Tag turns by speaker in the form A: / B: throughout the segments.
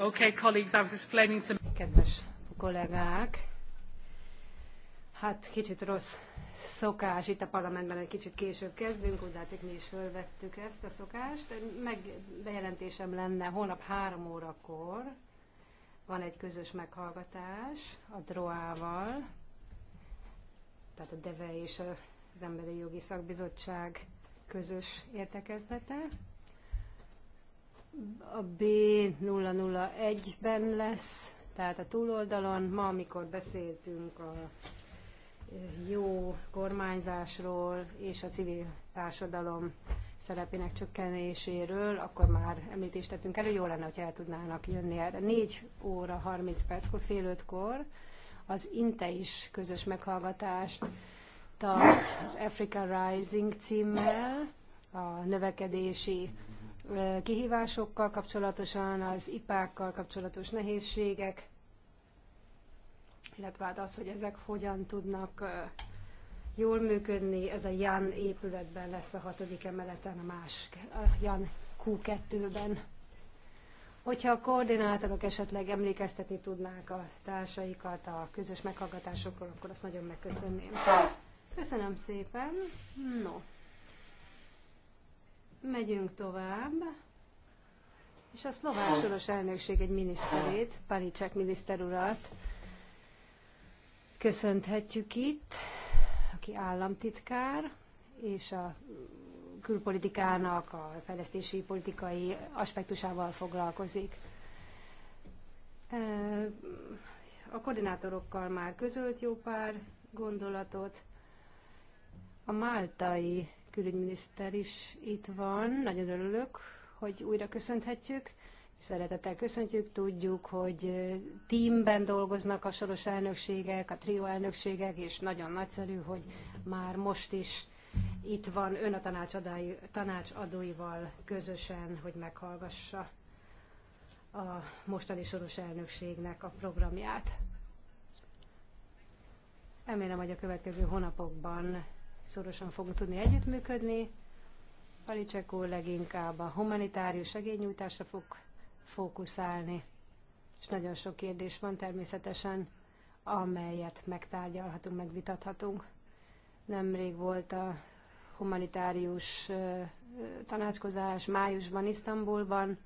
A: Okay, colleagues, I was explaining some... Kedves kollégák, hát kicsit rossz szokás, itt a parlamentben egy kicsit később kezdünk, úgy látszik mi is fölvettük ezt a szokást. Meg bejelentésem lenne, holnap három órakor van egy közös meghallgatás a DROA-val, tehát a DEVE és az Emberi Jogi Szakbizottság közös értekezlete a B001-ben lesz, tehát a túloldalon. Ma, amikor beszéltünk a jó kormányzásról és a civil társadalom szerepének csökkenéséről, akkor már említést tettünk elő, jó lenne, hogyha el tudnának jönni erre. 4 óra 30 perckor, fél ötkor az INTE is közös meghallgatást tart az Africa Rising címmel, a növekedési kihívásokkal kapcsolatosan, az ipákkal kapcsolatos nehézségek, illetve hát az, hogy ezek hogyan tudnak jól működni. Ez a Jan épületben lesz a hatodik emeleten, a más a Jan Q2-ben. Hogyha a koordinátorok esetleg emlékeztetni tudnák a társaikat a közös meghallgatásokról, akkor azt nagyon megköszönném. Köszönöm szépen. No. Megyünk tovább. És a szlovák soros elnökség egy miniszterét, Panicek miniszter urat köszönthetjük itt, aki államtitkár, és a külpolitikának a fejlesztési politikai aspektusával foglalkozik. A koordinátorokkal már közölt jó pár gondolatot. A máltai külügyminiszter is itt van. Nagyon örülök, hogy újra köszönhetjük. Szeretettel köszöntjük, tudjuk, hogy tímben dolgoznak a soros elnökségek, a trió elnökségek, és nagyon nagyszerű, hogy már most is itt van ön a tanácsadói, tanácsadóival közösen, hogy meghallgassa a mostani soros elnökségnek a programját. Remélem, hogy a következő hónapokban szorosan fogunk tudni együttműködni. Palicek úr leginkább a humanitárius segélynyújtásra fog fókuszálni, és nagyon sok kérdés van természetesen, amelyet megtárgyalhatunk, megvitathatunk. Nemrég volt a humanitárius tanácskozás májusban, Isztambulban,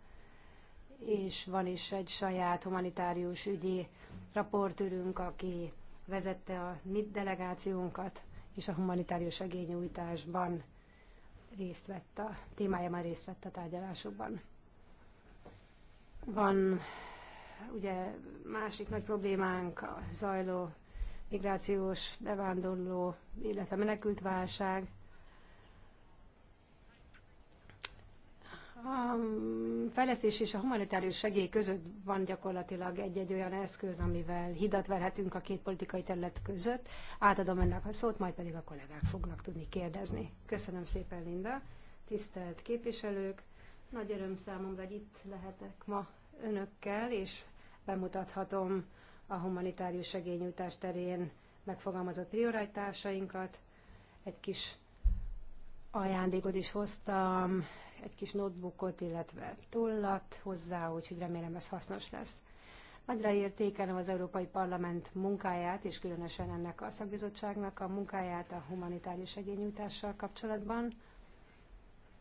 A: és van is egy saját humanitárius ügyi raportőrünk, aki vezette a mi delegációnkat és a humanitárius segélynyújtásban részt vett a témájában részt vett a tárgyalásokban. Van ugye másik nagy problémánk a zajló migrációs, bevándorló, illetve menekült válság, a mm, fejlesztés és a humanitárius segély között van gyakorlatilag egy-egy olyan eszköz, amivel hidat verhetünk a két politikai terület között. Átadom ennek a szót, majd pedig a kollégák fognak tudni kérdezni. Köszönöm szépen, Linda. Tisztelt képviselők, nagy öröm számomra, hogy itt lehetek ma önökkel, és bemutathatom a humanitárius segélynyújtás terén megfogalmazott prioritásainkat. Egy kis ajándékot is hoztam egy kis notebookot, illetve tollat hozzá, úgyhogy remélem ez hasznos lesz. Nagyra értékelem az Európai Parlament munkáját, és különösen ennek a szakbizottságnak a munkáját a humanitárius segényújtással kapcsolatban.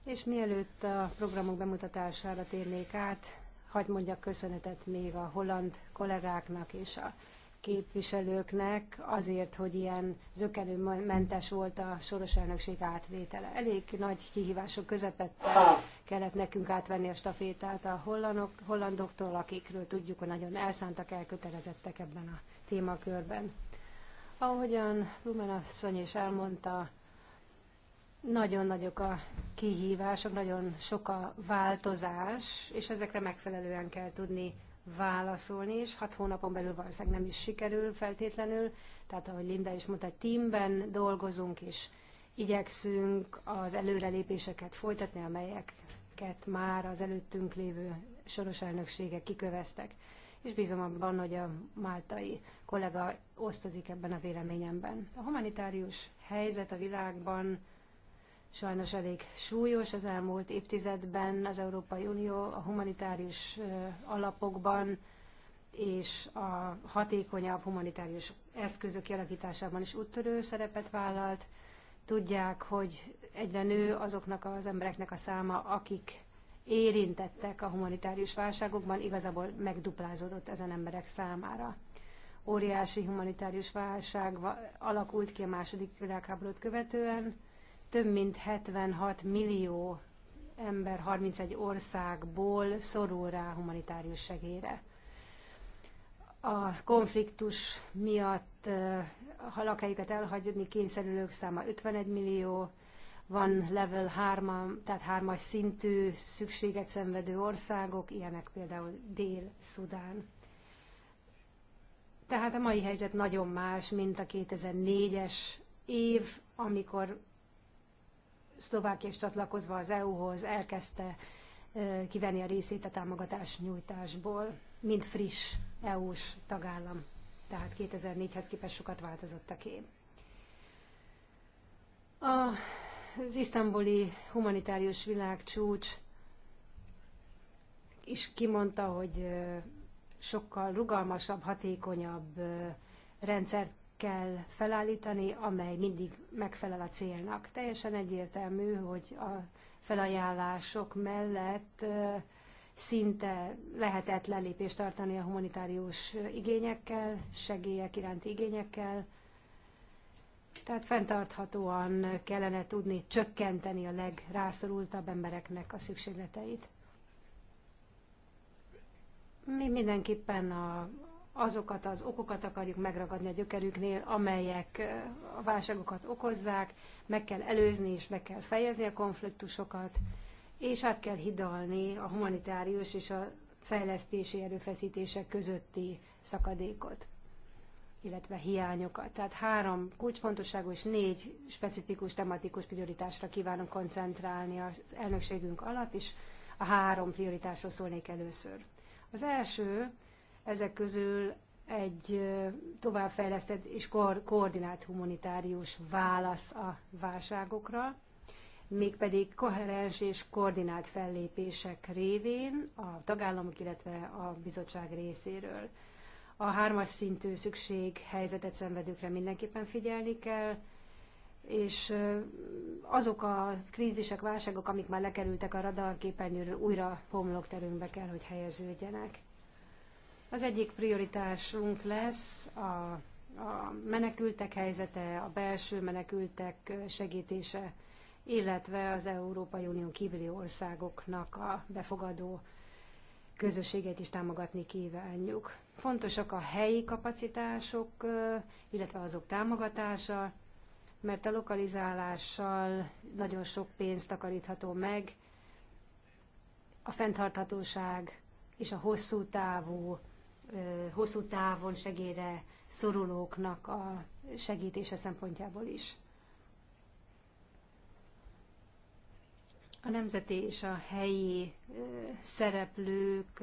A: És mielőtt a programok bemutatására térnék át, hagyd mondjak köszönetet még a holland kollégáknak és a képviselőknek azért, hogy ilyen zökenőmentes volt a soros elnökség átvétele. Elég nagy kihívások közepette kellett nekünk átvenni a stafétát a hollandok, hollandoktól, akikről tudjuk, hogy nagyon elszántak, elkötelezettek ebben a témakörben. Ahogyan Lumen asszony is elmondta, nagyon nagyok a kihívások, nagyon sok a változás, és ezekre megfelelően kell tudni válaszolni, és hat hónapon belül valószínűleg nem is sikerül feltétlenül. Tehát ahogy Linda is mondta, teamben dolgozunk, és igyekszünk az előrelépéseket folytatni, amelyeket már az előttünk lévő soros elnökségek kiköveztek. És bízom abban, hogy a máltai kollega osztozik ebben a véleményemben. A humanitárius helyzet a világban sajnos elég súlyos. Az elmúlt évtizedben az Európai Unió a humanitárius alapokban és a hatékonyabb humanitárius eszközök kialakításában is úttörő szerepet vállalt. Tudják, hogy egyre nő azoknak az embereknek a száma, akik érintettek a humanitárius válságokban, igazából megduplázódott ezen emberek számára. Óriási humanitárius válság alakult ki a második világháborút követően, több mint 76 millió ember 31 országból szorul rá humanitárius segélyre. A konfliktus miatt eh, a lakáikat elhagyni kényszerülők száma 51 millió, van level 3, tehát 3-as szintű szükséget szenvedő országok, ilyenek például Dél-Szudán. Tehát a mai helyzet nagyon más, mint a 2004-es év, amikor Szlovákia is csatlakozva az EU-hoz elkezdte kivenni a részét a támogatás nyújtásból, mint friss EU-s tagállam. Tehát 2004-hez képest sokat változott a kép. Az isztambuli humanitárius világcsúcs is kimondta, hogy sokkal rugalmasabb, hatékonyabb rendszert kell felállítani, amely mindig megfelel a célnak. Teljesen egyértelmű, hogy a felajánlások mellett szinte lehetetlen lépést tartani a humanitárius igényekkel, segélyek iránti igényekkel. Tehát fenntarthatóan kellene tudni csökkenteni a legrászorultabb embereknek a szükségleteit. Mi mindenképpen a, azokat az okokat akarjuk megragadni a gyökerüknél, amelyek eh, a válságokat okozzák, meg kell előzni és meg kell fejezni a konfliktusokat, és át kell hidalni a humanitárius és a fejlesztési erőfeszítések közötti szakadékot, illetve hiányokat. Tehát három kulcsfontosságú és négy specifikus tematikus prioritásra kívánunk koncentrálni az elnökségünk alatt, és a három prioritásról szólnék először. Az első ezek közül egy továbbfejlesztett és koordinált humanitárius válasz a válságokra, mégpedig koherens és koordinált fellépések révén a tagállamok, illetve a bizottság részéről. A hármas szintű szükség helyzetet szenvedőkre mindenképpen figyelni kell, és azok a krízisek, válságok, amik már lekerültek a radarképernyőről, újra homlokterünkbe kell, hogy helyeződjenek. Az egyik prioritásunk lesz a, a menekültek helyzete, a belső menekültek segítése, illetve az Európai Unió kívüli országoknak a befogadó közösséget is támogatni kívánjuk. Fontosak a helyi kapacitások, illetve azok támogatása, mert a lokalizálással nagyon sok pénzt takarítható meg, a fenntarthatóság és a hosszú távú hosszú távon segélyre szorulóknak a segítése szempontjából is. a nemzeti és a helyi szereplők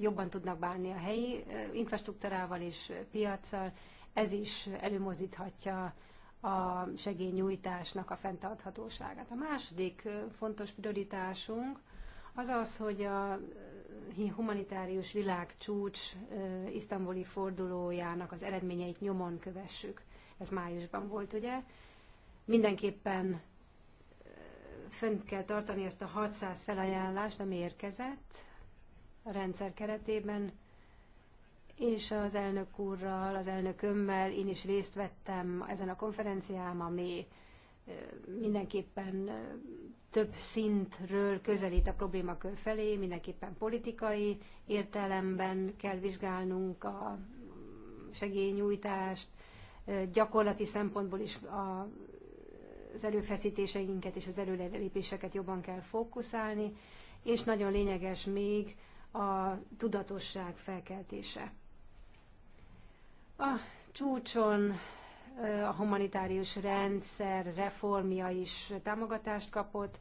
A: jobban tudnak bánni a helyi infrastruktúrával és piaccal, ez is előmozdíthatja a segélynyújtásnak a fenntarthatóságát. A második fontos prioritásunk az az, hogy a humanitárius világcsúcs isztambuli fordulójának az eredményeit nyomon kövessük. Ez májusban volt, ugye? Mindenképpen fönt kell tartani ezt a 600 felajánlást, ami érkezett a rendszer keretében, és az elnök úrral, az elnökömmel én is részt vettem ezen a konferencián, ami mindenképpen több szintről közelít a problémakör felé, mindenképpen politikai értelemben kell vizsgálnunk a segélynyújtást, gyakorlati szempontból is a, az erőfeszítéseinket és az előrelépéseket jobban kell fókuszálni, és nagyon lényeges még a tudatosság felkeltése. A csúcson a humanitárius rendszer reformja is támogatást kapott,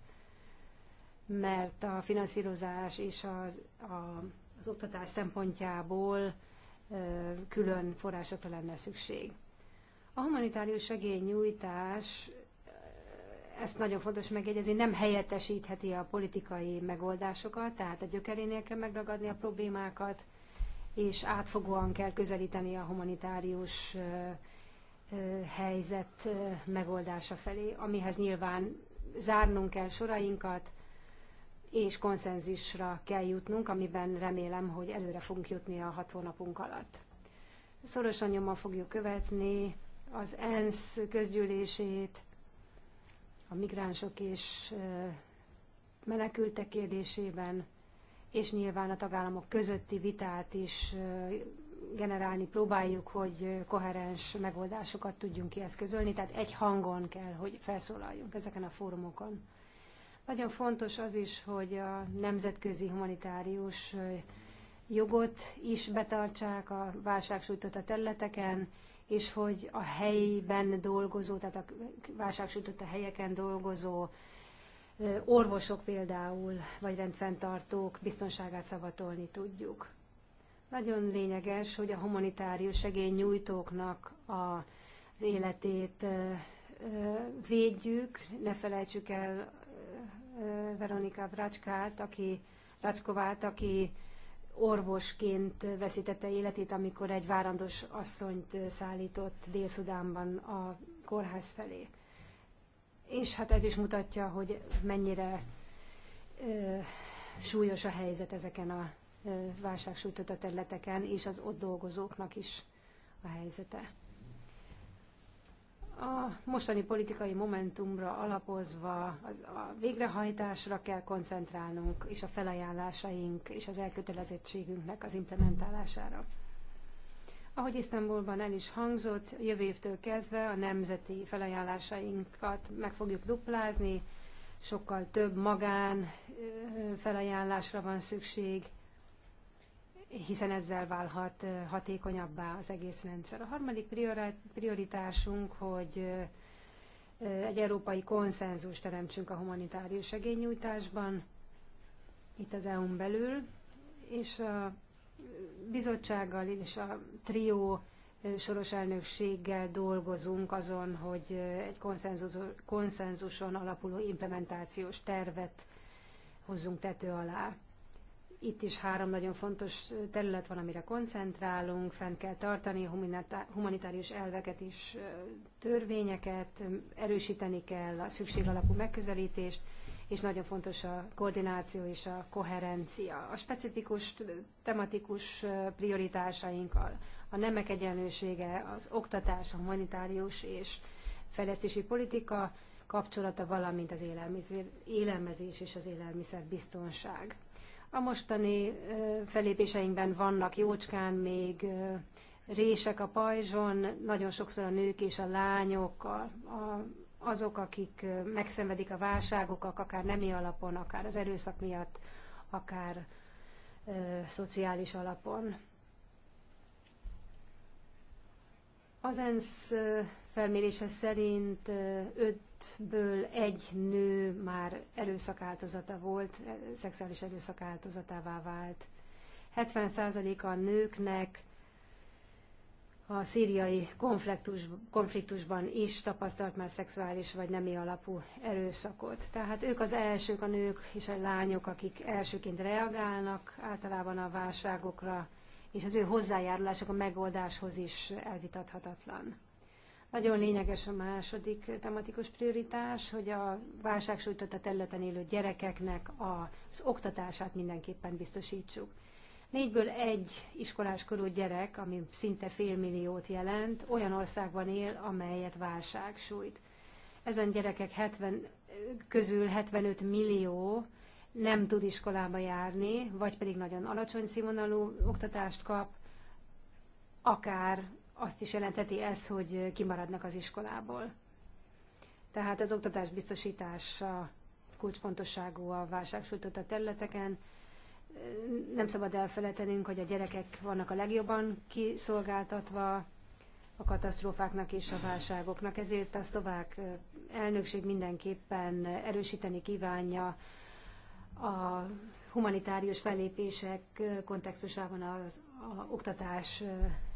A: mert a finanszírozás és az, a, az oktatás szempontjából külön forrásokra lenne szükség. A humanitárius segélynyújtás, ezt nagyon fontos megjegyezni, nem helyettesítheti a politikai megoldásokat, tehát a gyökerénél kell megragadni a problémákat, és átfogóan kell közelíteni a humanitárius helyzet megoldása felé, amihez nyilván zárnunk kell sorainkat, és konszenzisra kell jutnunk, amiben remélem, hogy előre fogunk jutni a hat hónapunk alatt. Szorosan nyomon fogjuk követni az ENSZ közgyűlését, a migránsok és menekültek kérdésében, és nyilván a tagállamok közötti vitát is generálni próbáljuk, hogy koherens megoldásokat tudjunk kieszközölni, tehát egy hangon kell, hogy felszólaljunk ezeken a fórumokon. Nagyon fontos az is, hogy a nemzetközi humanitárius jogot is betartsák a válságsújtott a területeken, és hogy a helyben dolgozó, tehát a válságsújtott a helyeken dolgozó orvosok például, vagy rendfenntartók biztonságát szavatolni tudjuk. Nagyon lényeges, hogy a humanitárius segélynyújtóknak a, az életét védjük, ne felejtsük el Veronika Bracskát, aki, Bracskovát, aki orvosként veszítette életét, amikor egy várandos asszonyt szállított Dél-Szudánban a kórház felé. És hát ez is mutatja, hogy mennyire ö, súlyos a helyzet ezeken a válság a területeken, és az ott dolgozóknak is a helyzete. A mostani politikai momentumra alapozva az, a végrehajtásra kell koncentrálnunk, és a felajánlásaink és az elkötelezettségünknek az implementálására. Ahogy Isztambulban el is hangzott, jövő évtől kezdve a nemzeti felajánlásainkat meg fogjuk duplázni, sokkal több magán felajánlásra van szükség, hiszen ezzel válhat hatékonyabbá az egész rendszer. A harmadik prioritásunk, hogy egy európai konszenzus teremtsünk a humanitárius segélynyújtásban, itt az EU-n belül, és a bizottsággal és a trió soros elnökséggel dolgozunk azon, hogy egy konszenzus, konszenzuson alapuló implementációs tervet hozzunk tető alá. Itt is három nagyon fontos terület van, amire koncentrálunk, fent kell tartani, humanitárius elveket is, törvényeket, erősíteni kell a alapú megközelítést, és nagyon fontos a koordináció és a koherencia. A specifikus tematikus prioritásainkkal a nemek egyenlősége, az oktatás, a humanitárius és fejlesztési politika kapcsolata, valamint az élelmezés és az élelmiszerbiztonság. A mostani felépéseinkben vannak jócskán még rések a pajzson, nagyon sokszor a nők és a lányok, a, a, azok, akik megszenvedik a válságokat, akár nemi alapon, akár az erőszak miatt, akár ö, szociális alapon. Az ENSZ felmérése szerint ötből egy nő már erőszak áldozata volt, szexuális erőszak áldozatává vált. 70% a nőknek a szíriai konfliktus, konfliktusban is tapasztalt már szexuális vagy nemi alapú erőszakot. Tehát ők az elsők, a nők és a lányok, akik elsőként reagálnak általában a válságokra, és az ő hozzájárulások a megoldáshoz is elvitathatatlan. Nagyon lényeges a második tematikus prioritás, hogy a válság a területen élő gyerekeknek az oktatását mindenképpen biztosítsuk. Négyből egy iskolás korú gyerek, ami szinte fél milliót jelent, olyan országban él, amelyet válság sújt. Ezen gyerekek 70, közül 75 millió nem tud iskolába járni, vagy pedig nagyon alacsony színvonalú oktatást kap, akár azt is jelenteti ez, hogy kimaradnak az iskolából. Tehát az oktatás biztosítása kulcsfontosságú a válságsújtott a területeken. Nem szabad elfelejtenünk, hogy a gyerekek vannak a legjobban kiszolgáltatva a katasztrófáknak és a válságoknak, ezért a szlovák elnökség mindenképpen erősíteni kívánja a humanitárius fellépések kontextusában az a oktatás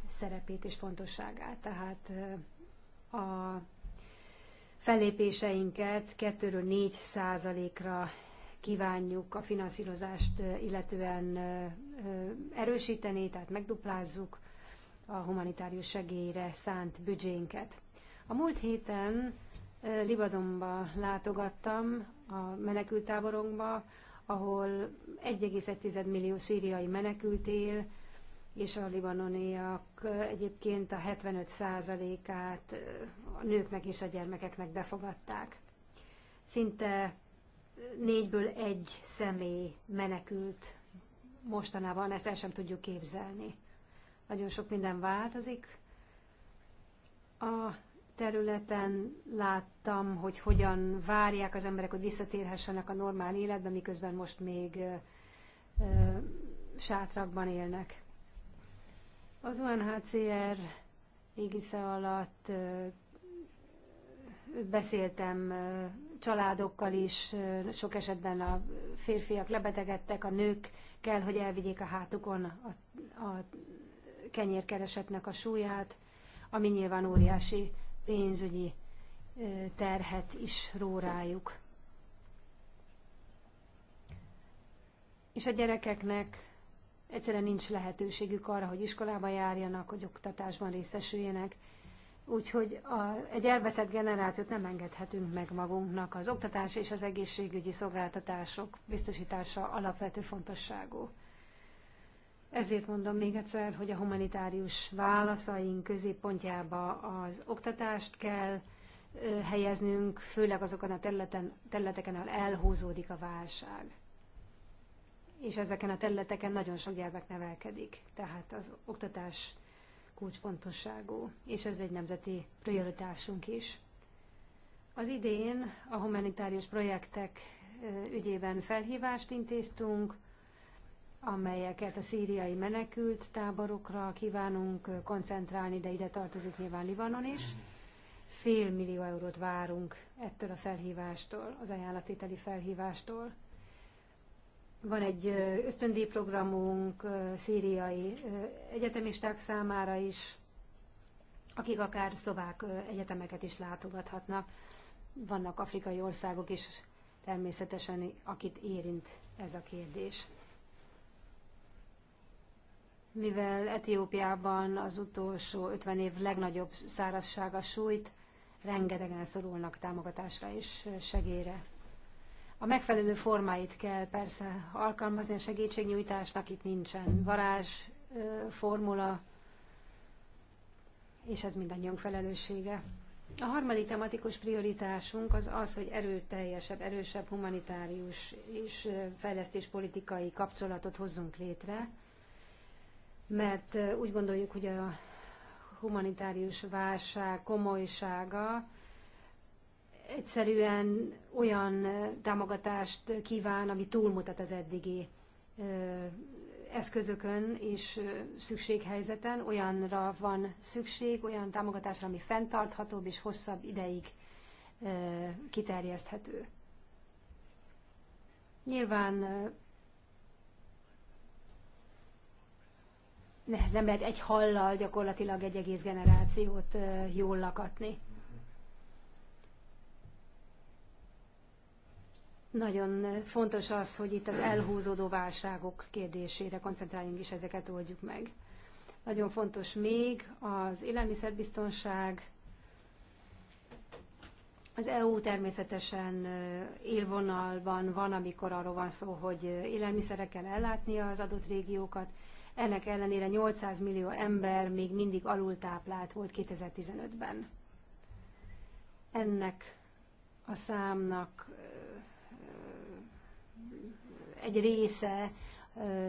A: szerepét és fontosságát. Tehát a fellépéseinket 2 4 százalékra kívánjuk a finanszírozást illetően erősíteni, tehát megduplázzuk a humanitárius segélyre szánt büdzsénket. A múlt héten Libadonba látogattam a menekültáborunkba, ahol 1,1 millió szíriai menekült él, és a libanoniak egyébként a 75%-át a nőknek és a gyermekeknek befogadták. Szinte négyből egy személy menekült mostanában, ezt el sem tudjuk képzelni. Nagyon sok minden változik. A területen láttam, hogy hogyan várják az emberek, hogy visszatérhessenek a normál életbe, miközben most még ö, ö, sátrakban élnek. Az UNHCR égisze alatt ö, beszéltem családokkal is, sok esetben a férfiak lebetegedtek, a nők kell, hogy elvigyék a hátukon a, a kenyérkeresetnek a súlyát, ami nyilván óriási pénzügyi terhet is rórájuk. És a gyerekeknek egyszerűen nincs lehetőségük arra, hogy iskolába járjanak, hogy oktatásban részesüljenek. Úgyhogy a, egy elveszett generációt nem engedhetünk meg magunknak. Az oktatás és az egészségügyi szolgáltatások biztosítása alapvető fontosságú. Ezért mondom még egyszer, hogy a humanitárius válaszaink középpontjába az oktatást kell helyeznünk, főleg azokon a területen, területeken, ahol elhúzódik a válság. És ezeken a területeken nagyon sok gyermek nevelkedik, tehát az oktatás kulcsfontosságú, és ez egy nemzeti prioritásunk is. Az idén a humanitárius projektek ügyében felhívást intéztünk, amelyeket a szíriai menekült táborokra kívánunk koncentrálni, de ide tartozik nyilván Libanon is. Fél millió eurót várunk ettől a felhívástól, az ajánlatételi felhívástól. Van egy ösztöndíjprogramunk szíriai egyetemisták számára is, akik akár szlovák egyetemeket is látogathatnak. Vannak afrikai országok is természetesen, akit érint ez a kérdés mivel Etiópiában az utolsó 50 év legnagyobb szárazsága sújt, rengetegen szorulnak támogatásra és segélyre. A megfelelő formáit kell persze alkalmazni a segítségnyújtásnak, itt nincsen varázs, formula, és ez mindannyiunk felelőssége. A harmadik tematikus prioritásunk az az, hogy erőteljesebb, erősebb humanitárius és fejlesztéspolitikai kapcsolatot hozzunk létre, mert úgy gondoljuk, hogy a humanitárius válság komolysága egyszerűen olyan támogatást kíván, ami túlmutat az eddigi eszközökön és szükséghelyzeten, olyanra van szükség, olyan támogatásra, ami fenntarthatóbb és hosszabb ideig kiterjeszthető. Nyilván nem lehet egy hallal gyakorlatilag egy egész generációt jól lakatni. Nagyon fontos az, hogy itt az elhúzódó válságok kérdésére koncentráljunk és ezeket oldjuk meg. Nagyon fontos még az élelmiszerbiztonság, az EU természetesen élvonalban van, amikor arról van szó, hogy élelmiszerekkel ellátnia az adott régiókat, ennek ellenére 800 millió ember még mindig alultáplált volt 2015-ben. Ennek a számnak egy része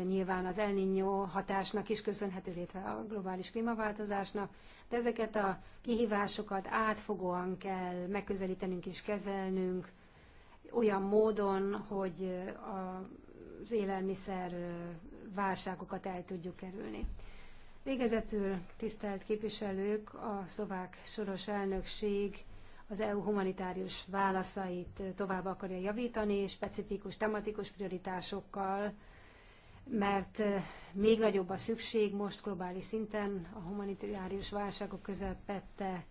A: nyilván az El Niño hatásnak is köszönhető, illetve a globális klímaváltozásnak, de ezeket a kihívásokat átfogóan kell megközelítenünk és kezelnünk, olyan módon, hogy az élelmiszer válságokat el tudjuk kerülni. Végezetül, tisztelt képviselők, a szlovák soros elnökség az EU humanitárius válaszait tovább akarja javítani, specifikus tematikus prioritásokkal, mert eh, még nagyobb a szükség most globális szinten a humanitárius válságok közepette,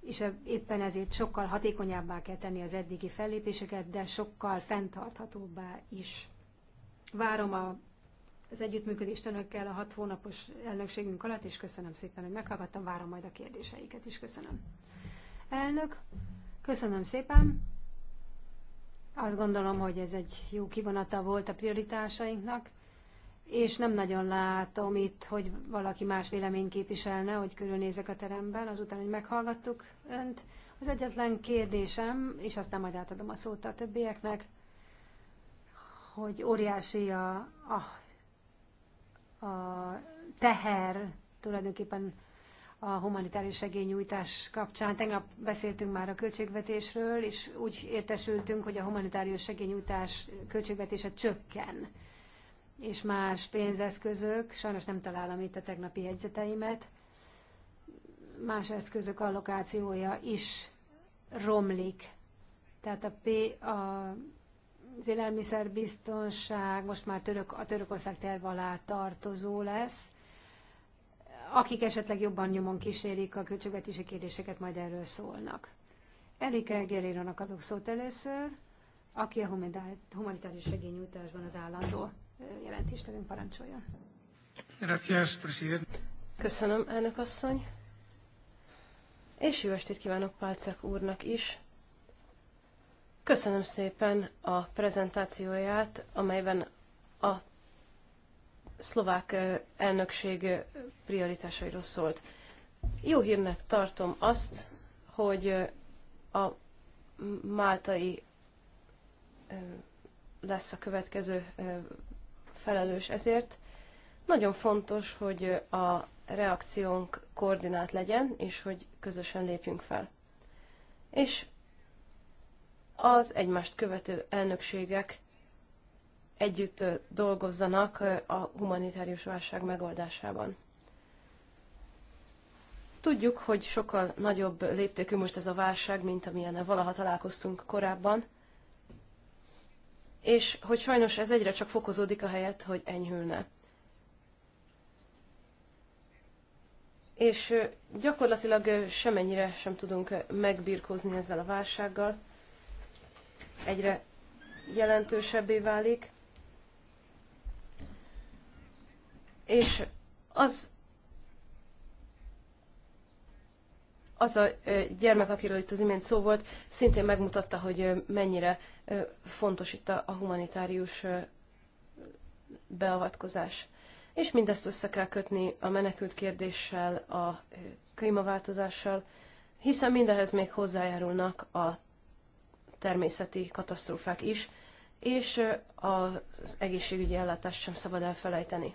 A: és e- éppen ezért sokkal hatékonyabbá kell tenni az eddigi fellépéseket, de sokkal fenntarthatóbbá is. Várom a az együttműködést önökkel a hat hónapos elnökségünk alatt, és köszönöm szépen, hogy meghallgattam, várom majd a kérdéseiket is. Köszönöm. Elnök, köszönöm szépen. Azt gondolom, hogy ez egy jó kivonata volt a prioritásainknak, és nem nagyon látom itt, hogy valaki más vélemény képviselne, hogy körülnézek a teremben, azután, hogy meghallgattuk önt. Az egyetlen kérdésem, és aztán majd átadom a szót a többieknek, hogy óriási a, a a teher tulajdonképpen a humanitárius segélynyújtás kapcsán. Tegnap beszéltünk már a költségvetésről, és úgy értesültünk, hogy a humanitárius segélynyújtás költségvetése csökken. És más pénzeszközök, sajnos nem találom itt a tegnapi jegyzeteimet, más eszközök allokációja is romlik. Tehát a, P, a az élelmiszerbiztonság most már török, a Törökország terv alá tartozó lesz. Akik esetleg jobban nyomon kísérik a költségvetési kérdéseket, majd erről szólnak. Erika Geréronak adok szót először, aki a humanitárius segényújtásban az állandó jelentéstevőn parancsoljon. president. Köszönöm, elnök asszony. És
B: jó estét kívánok Pálcek úrnak is, Köszönöm szépen a prezentációját, amelyben a szlovák elnökség prioritásairól szólt. Jó hírnek tartom azt, hogy a máltai lesz a következő felelős ezért. Nagyon fontos, hogy a reakciónk koordinált legyen, és hogy közösen lépjünk fel. És az egymást követő elnökségek együtt dolgozzanak a humanitárius válság megoldásában. Tudjuk, hogy sokkal nagyobb léptékű most ez a válság, mint amilyen valaha találkoztunk korábban, és hogy sajnos ez egyre csak fokozódik a helyet, hogy enyhülne. És gyakorlatilag semennyire sem tudunk megbírkozni ezzel a válsággal, egyre jelentősebbé válik. És az az a gyermek, akiről itt az imént szó volt, szintén megmutatta, hogy mennyire fontos itt a humanitárius beavatkozás. És mindezt össze kell kötni a menekült kérdéssel, a klímaváltozással, hiszen mindehez még hozzájárulnak a természeti katasztrófák is, és az egészségügyi ellátást sem szabad elfelejteni.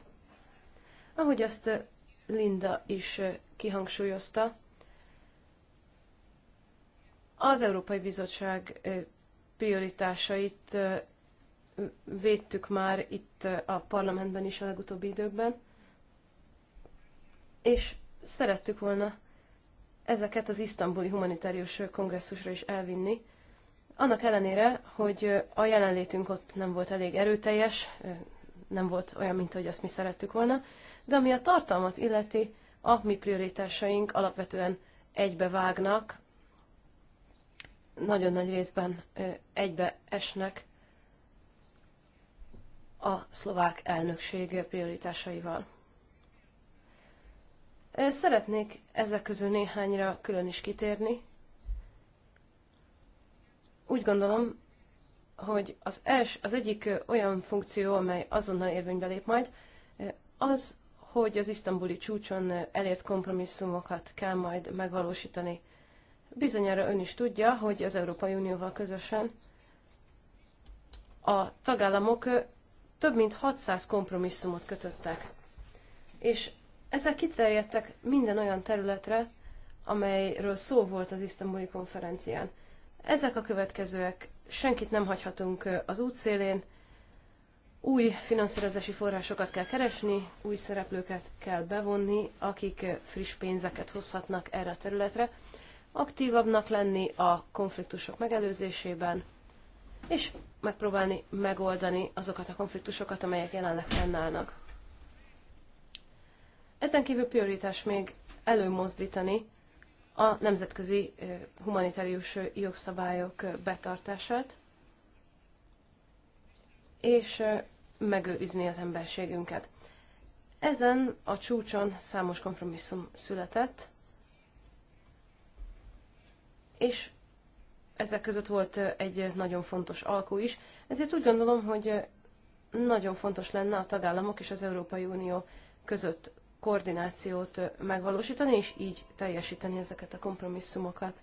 B: Ahogy azt Linda is kihangsúlyozta, az Európai Bizottság prioritásait védtük már itt a parlamentben is a legutóbbi időkben, és szerettük volna ezeket az isztambuli humanitárius kongresszusra is elvinni, annak ellenére, hogy a jelenlétünk ott nem volt elég erőteljes, nem volt olyan, mint ahogy azt mi szerettük volna, de ami a tartalmat illeti, a mi prioritásaink alapvetően egybevágnak, nagyon nagy részben egybe esnek a szlovák elnökség prioritásaival. Szeretnék ezek közül néhányra külön is kitérni, úgy gondolom, hogy az, els, az egyik olyan funkció, amely azonnal érvénybe lép majd, az, hogy az isztambuli csúcson elért kompromisszumokat kell majd megvalósítani. Bizonyára ön is tudja, hogy az Európai Unióval közösen a tagállamok több mint 600 kompromisszumot kötöttek. És ezek kiterjedtek minden olyan területre, amelyről szó volt az isztambuli konferencián. Ezek a következőek. Senkit nem hagyhatunk az útszélén, új finanszírozási forrásokat kell keresni, új szereplőket kell bevonni, akik friss pénzeket hozhatnak erre a területre, aktívabbnak lenni a konfliktusok megelőzésében, és megpróbálni megoldani azokat a konfliktusokat, amelyek jelenleg fennállnak. Ezen kívül prioritás még előmozdítani a nemzetközi humanitárius jogszabályok betartását, és megőrizni az emberségünket. Ezen a csúcson számos kompromisszum született, és ezek között volt egy nagyon fontos alkú is, ezért úgy gondolom, hogy nagyon fontos lenne a tagállamok és az Európai Unió között koordinációt megvalósítani, és így teljesíteni ezeket a kompromisszumokat.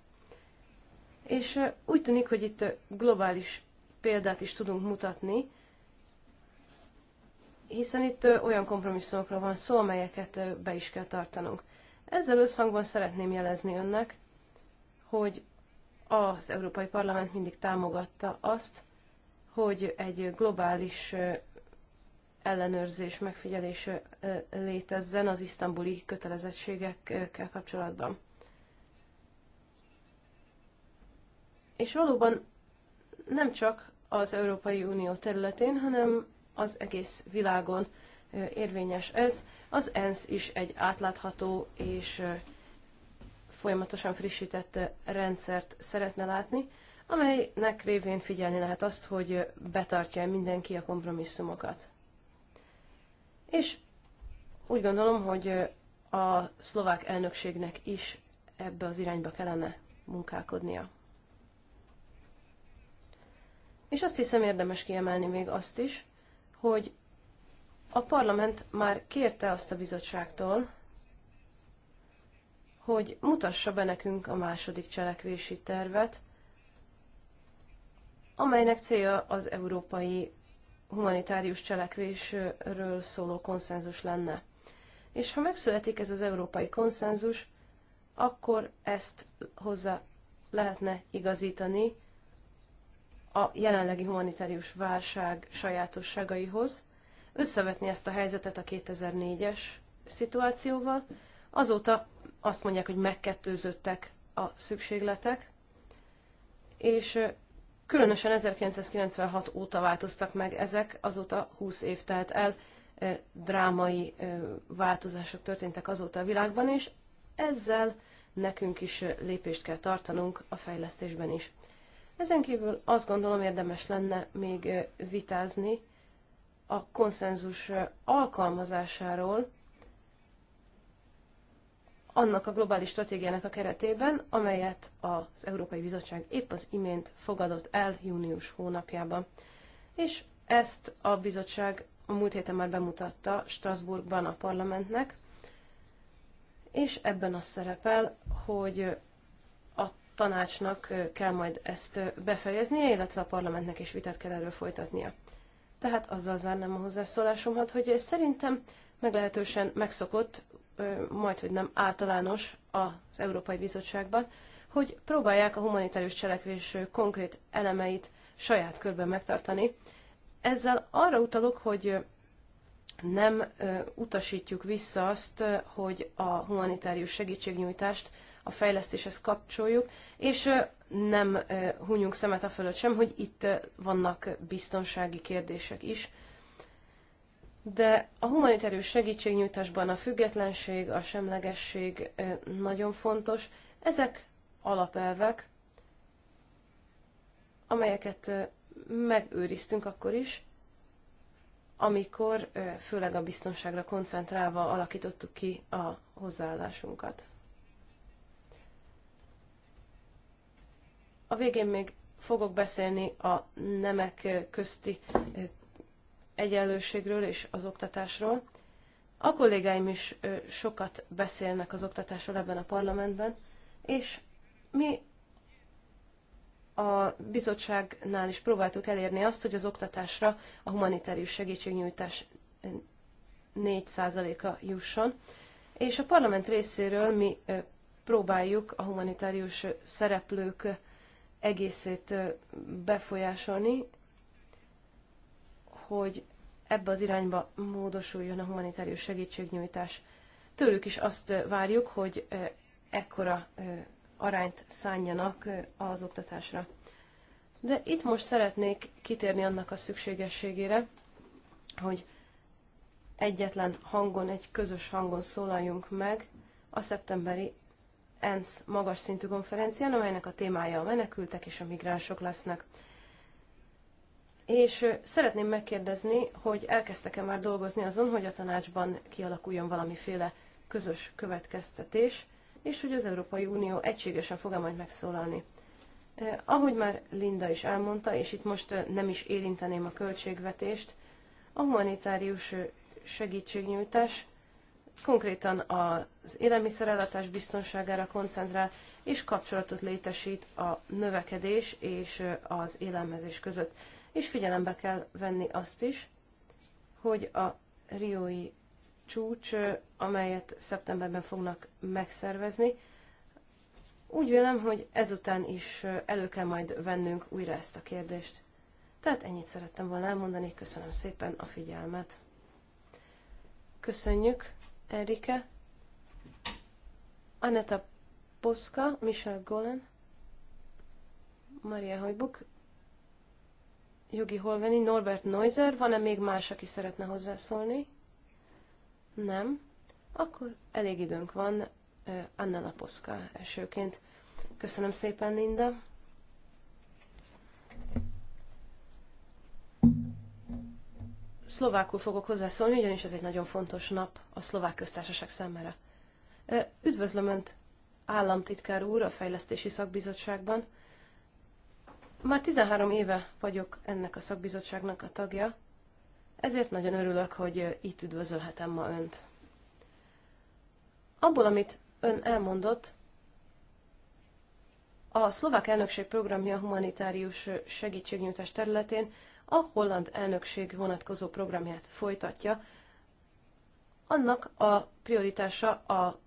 B: És úgy tűnik, hogy itt globális példát is tudunk mutatni, hiszen itt olyan kompromisszumokról van szó, amelyeket be is kell tartanunk. Ezzel összhangban szeretném jelezni önnek, hogy az Európai Parlament mindig támogatta azt, hogy egy globális ellenőrzés, megfigyelés létezzen az isztambuli kötelezettségekkel kapcsolatban. És valóban nem csak az Európai Unió területén, hanem az egész világon érvényes ez. Az ENSZ is egy átlátható és folyamatosan frissített rendszert szeretne látni, amelynek révén figyelni lehet azt, hogy betartja mindenki a kompromisszumokat. És úgy gondolom, hogy a szlovák elnökségnek is ebbe az irányba kellene munkálkodnia. És azt hiszem érdemes kiemelni még azt is, hogy a parlament már kérte azt a bizottságtól, hogy mutassa be nekünk a második cselekvési tervet, amelynek célja az európai humanitárius cselekvésről szóló konszenzus lenne. És ha megszületik ez az európai konszenzus, akkor ezt hozzá lehetne igazítani a jelenlegi humanitárius válság sajátosságaihoz, összevetni ezt a helyzetet a 2004-es szituációval. Azóta azt mondják, hogy megkettőzöttek a szükségletek, és Különösen 1996 óta változtak meg ezek, azóta 20 év telt el, drámai változások történtek azóta a világban, is ezzel nekünk is lépést kell tartanunk a fejlesztésben is. Ezen kívül azt gondolom érdemes lenne még vitázni a konszenzus alkalmazásáról, annak a globális stratégiának a keretében, amelyet az Európai Bizottság épp az imént fogadott el június hónapjában. És ezt a bizottság a múlt héten már bemutatta Strasbourgban a parlamentnek, és ebben az szerepel, hogy a tanácsnak kell majd ezt befejeznie, illetve a parlamentnek is vitát kell erről folytatnia. Tehát azzal zárnám a hozzászólásomat, hogy szerintem meglehetősen megszokott, majd, hogy nem általános az Európai Bizottságban, hogy próbálják a humanitárius cselekvés konkrét elemeit saját körben megtartani. Ezzel arra utalok, hogy nem utasítjuk vissza azt, hogy a humanitárius segítségnyújtást a fejlesztéshez kapcsoljuk, és nem hunyunk szemet a fölött sem, hogy itt vannak biztonsági kérdések is, de a humanitárius segítségnyújtásban a függetlenség, a semlegesség nagyon fontos. Ezek alapelvek, amelyeket megőriztünk akkor is, amikor főleg a biztonságra koncentrálva alakítottuk ki a hozzáállásunkat. A végén még fogok beszélni a nemek közti egyenlőségről és az oktatásról. A kollégáim is sokat beszélnek az oktatásról ebben a parlamentben, és mi a bizottságnál is próbáltuk elérni azt, hogy az oktatásra a humanitárius segítségnyújtás 4%-a jusson, és a parlament részéről mi próbáljuk a humanitárius szereplők egészét befolyásolni, hogy ebbe az irányba módosuljon a humanitárius segítségnyújtás. Tőlük is azt várjuk, hogy ekkora arányt szánjanak az oktatásra. De itt most szeretnék kitérni annak a szükségességére, hogy egyetlen hangon, egy közös hangon szólaljunk meg a szeptemberi ENSZ magas szintű konferencián, amelynek a témája a menekültek és a migránsok lesznek és szeretném megkérdezni, hogy elkezdtek-e már dolgozni azon, hogy a tanácsban kialakuljon valamiféle közös következtetés, és hogy az Európai Unió egységesen fog-e majd megszólalni. Ahogy már Linda is elmondta, és itt most nem is érinteném a költségvetést, a humanitárius segítségnyújtás konkrétan az élelmiszerellátás biztonságára koncentrál, és kapcsolatot létesít a növekedés és az élelmezés között és figyelembe kell venni azt is, hogy a riói csúcs, amelyet szeptemberben fognak megszervezni, úgy vélem, hogy ezután is elő kell majd vennünk újra ezt a kérdést. Tehát ennyit szerettem volna elmondani, köszönöm szépen a figyelmet. Köszönjük, Erike. Aneta Poszka, Michel Golan, Maria Hajbuk, Jogi Holveni, Norbert Neuser, van-e még más, aki szeretne hozzászólni? Nem? Akkor elég időnk van. Anna Laposzka elsőként. Köszönöm szépen, Linda. Szlovákul fogok hozzászólni, ugyanis ez egy nagyon fontos nap a szlovák köztársaság számára. Üdvözlöm Önt, államtitkár úr a Fejlesztési Szakbizottságban. Már 13 éve vagyok ennek a szakbizottságnak a tagja, ezért nagyon örülök, hogy itt üdvözölhetem ma önt. Abból, amit ön elmondott, a szlovák elnökség programja a humanitárius segítségnyújtás területén a holland elnökség vonatkozó programját folytatja. Annak a prioritása a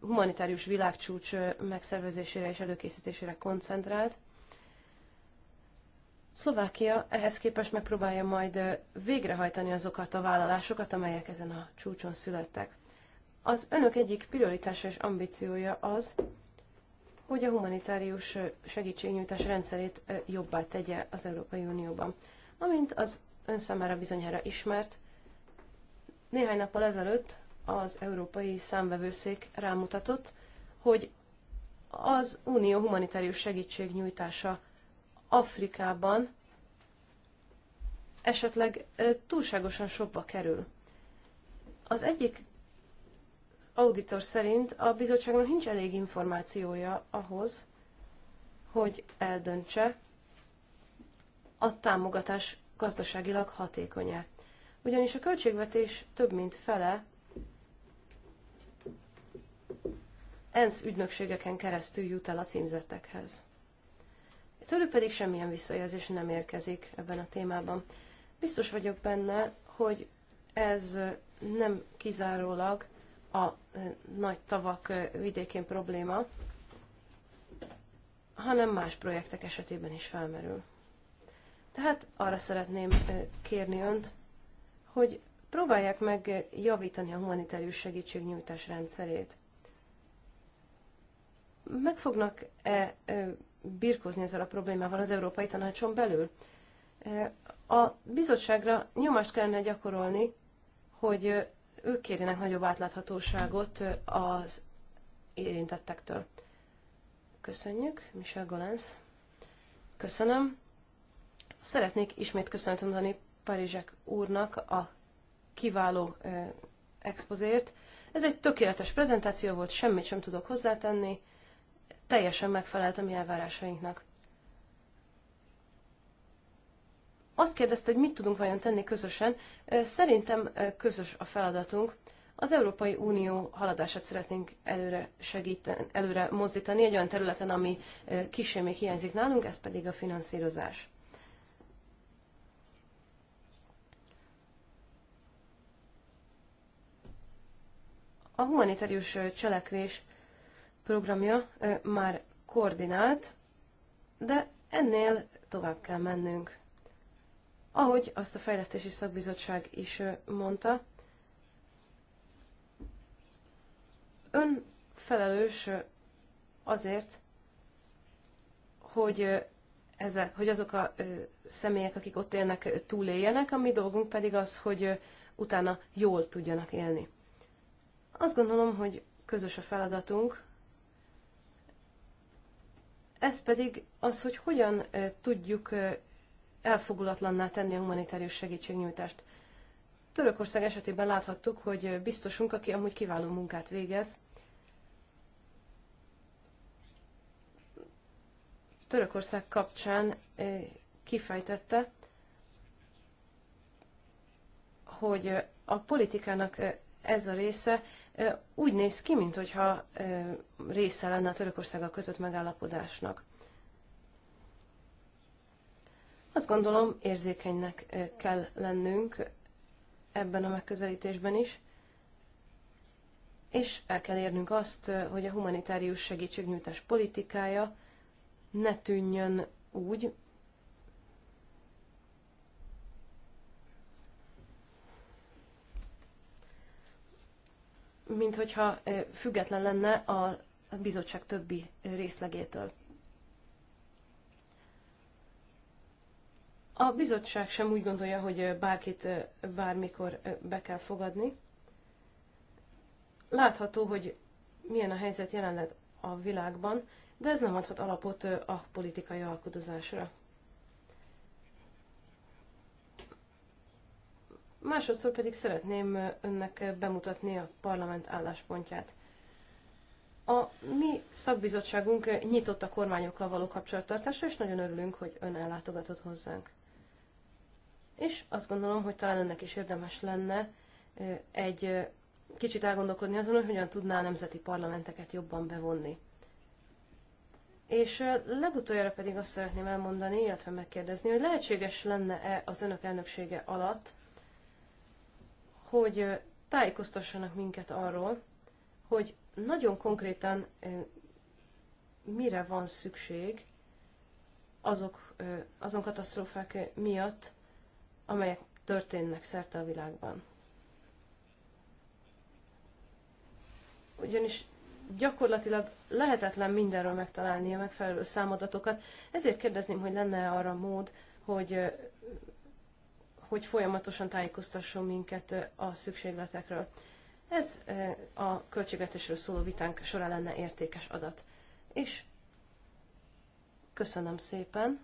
B: humanitárius világcsúcs megszervezésére és előkészítésére koncentrált, Szlovákia ehhez képest megpróbálja majd végrehajtani azokat a vállalásokat, amelyek ezen a csúcson születtek. Az önök egyik prioritása és ambíciója az, hogy a humanitárius segítségnyújtás rendszerét jobbá tegye az Európai Unióban. Amint az ön számára bizonyára ismert, néhány nappal ezelőtt az Európai Számvevőszék rámutatott, hogy az Unió humanitárius segítségnyújtása Afrikában esetleg túlságosan sokba kerül. Az egyik auditor szerint a bizottságnak nincs elég információja ahhoz, hogy eldöntse a támogatás gazdaságilag hatékony-e. Ugyanis a költségvetés több mint fele ENSZ ügynökségeken keresztül jut el a címzettekhez. Tőlük pedig semmilyen visszajelzés nem érkezik ebben a témában. Biztos vagyok benne, hogy ez nem kizárólag a eh, nagy tavak eh, vidékén probléma, hanem más projektek esetében is felmerül. Tehát arra szeretném eh, kérni önt, hogy próbálják meg javítani a humanitárius segítségnyújtás rendszerét. Meg fognak-e birkózni ezzel a problémával az Európai Tanácson belül. E, a bizottságra nyomást kellene gyakorolni, hogy ők kérjenek nagyobb átláthatóságot az érintettektől. Köszönjük, Michel Golens. Köszönöm. Szeretnék ismét köszönetet mondani Parizsek úrnak a kiváló expozért. Ez egy tökéletes prezentáció volt, semmit sem tudok hozzátenni teljesen megfelelt a mi elvárásainknak. Azt kérdezte, hogy mit tudunk vajon tenni közösen. Szerintem közös a feladatunk. Az Európai Unió haladását szeretnénk előre, segíteni, előre mozdítani egy olyan területen, ami kisé még hiányzik nálunk, ez pedig a finanszírozás. A humanitárius cselekvés programja már koordinált, de ennél tovább kell mennünk. Ahogy azt a Fejlesztési Szakbizottság is mondta, ön felelős azért, hogy ezek, hogy azok a személyek, akik ott élnek, túléljenek, a mi dolgunk pedig az, hogy utána jól tudjanak élni. Azt gondolom, hogy közös a feladatunk, ez pedig az, hogy hogyan tudjuk elfogulatlanná tenni a humanitárius segítségnyújtást. Törökország esetében láthattuk, hogy biztosunk, aki amúgy kiváló munkát végez, Törökország kapcsán kifejtette, hogy a politikának ez a része úgy néz ki, mintha része lenne a Törökországgal kötött megállapodásnak. Azt gondolom, érzékenynek kell lennünk ebben a megközelítésben is, és el kell érnünk azt, hogy a humanitárius segítségnyújtás politikája ne tűnjön úgy, mint hogyha független lenne a bizottság többi részlegétől. A bizottság sem úgy gondolja, hogy bárkit bármikor be kell fogadni. Látható, hogy milyen a helyzet jelenleg a világban, de ez nem adhat alapot a politikai alkudozásra. Másodszor pedig szeretném önnek bemutatni a parlament álláspontját. A mi szakbizottságunk nyitott a kormányokkal való kapcsolattartásra, és nagyon örülünk, hogy ön ellátogatott hozzánk. És azt gondolom, hogy talán önnek is érdemes lenne egy kicsit elgondolkodni azon, hogy hogyan tudná a nemzeti parlamenteket jobban bevonni. És legutoljára pedig azt szeretném elmondani, illetve megkérdezni, hogy lehetséges lenne-e az önök elnöksége alatt hogy tájékoztassanak minket arról, hogy nagyon konkrétan mire van szükség azok, azon katasztrófák miatt, amelyek történnek szerte a világban. Ugyanis gyakorlatilag lehetetlen mindenről megtalálni a megfelelő számadatokat, ezért kérdezném, hogy lenne arra mód, hogy hogy folyamatosan tájékoztasson minket a szükségletekről. Ez a költségvetésről szóló vitánk során lenne értékes adat. És köszönöm szépen.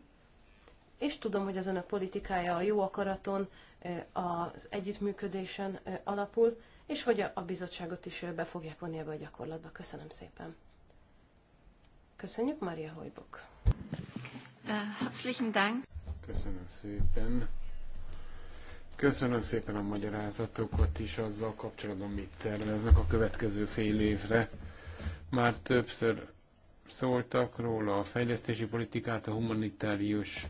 B: És tudom, hogy az önök politikája a jó akaraton, az együttműködésen alapul, és hogy a bizottságot is be fogják vonni ebbe a gyakorlatba. Köszönöm szépen. Köszönjük, Maria Hojbok.
A: Herzlichen Dank.
C: Köszönöm szépen. Köszönöm szépen a magyarázatokat is azzal kapcsolatban, mit terveznek a következő fél évre. Már többször szóltak róla a fejlesztési politikát, a humanitárius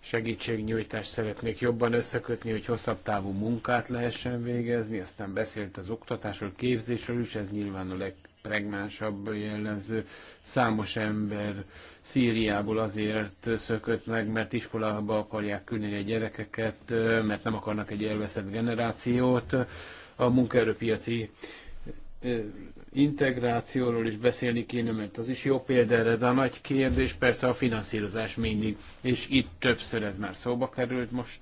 C: segítségnyújtást szeretnék jobban összekötni, hogy hosszabb távú munkát lehessen végezni, aztán beszélt az oktatásról, képzésről is, ez nyilván a leg legpregnánsabb jellemző. Számos ember Szíriából azért szökött meg, mert iskolába akarják küldeni a gyerekeket, mert nem akarnak egy elveszett generációt. A munkaerőpiaci integrációról is beszélni kéne, mert az is jó példa erre, de a nagy kérdés persze a finanszírozás mindig, és itt többször ez már szóba került most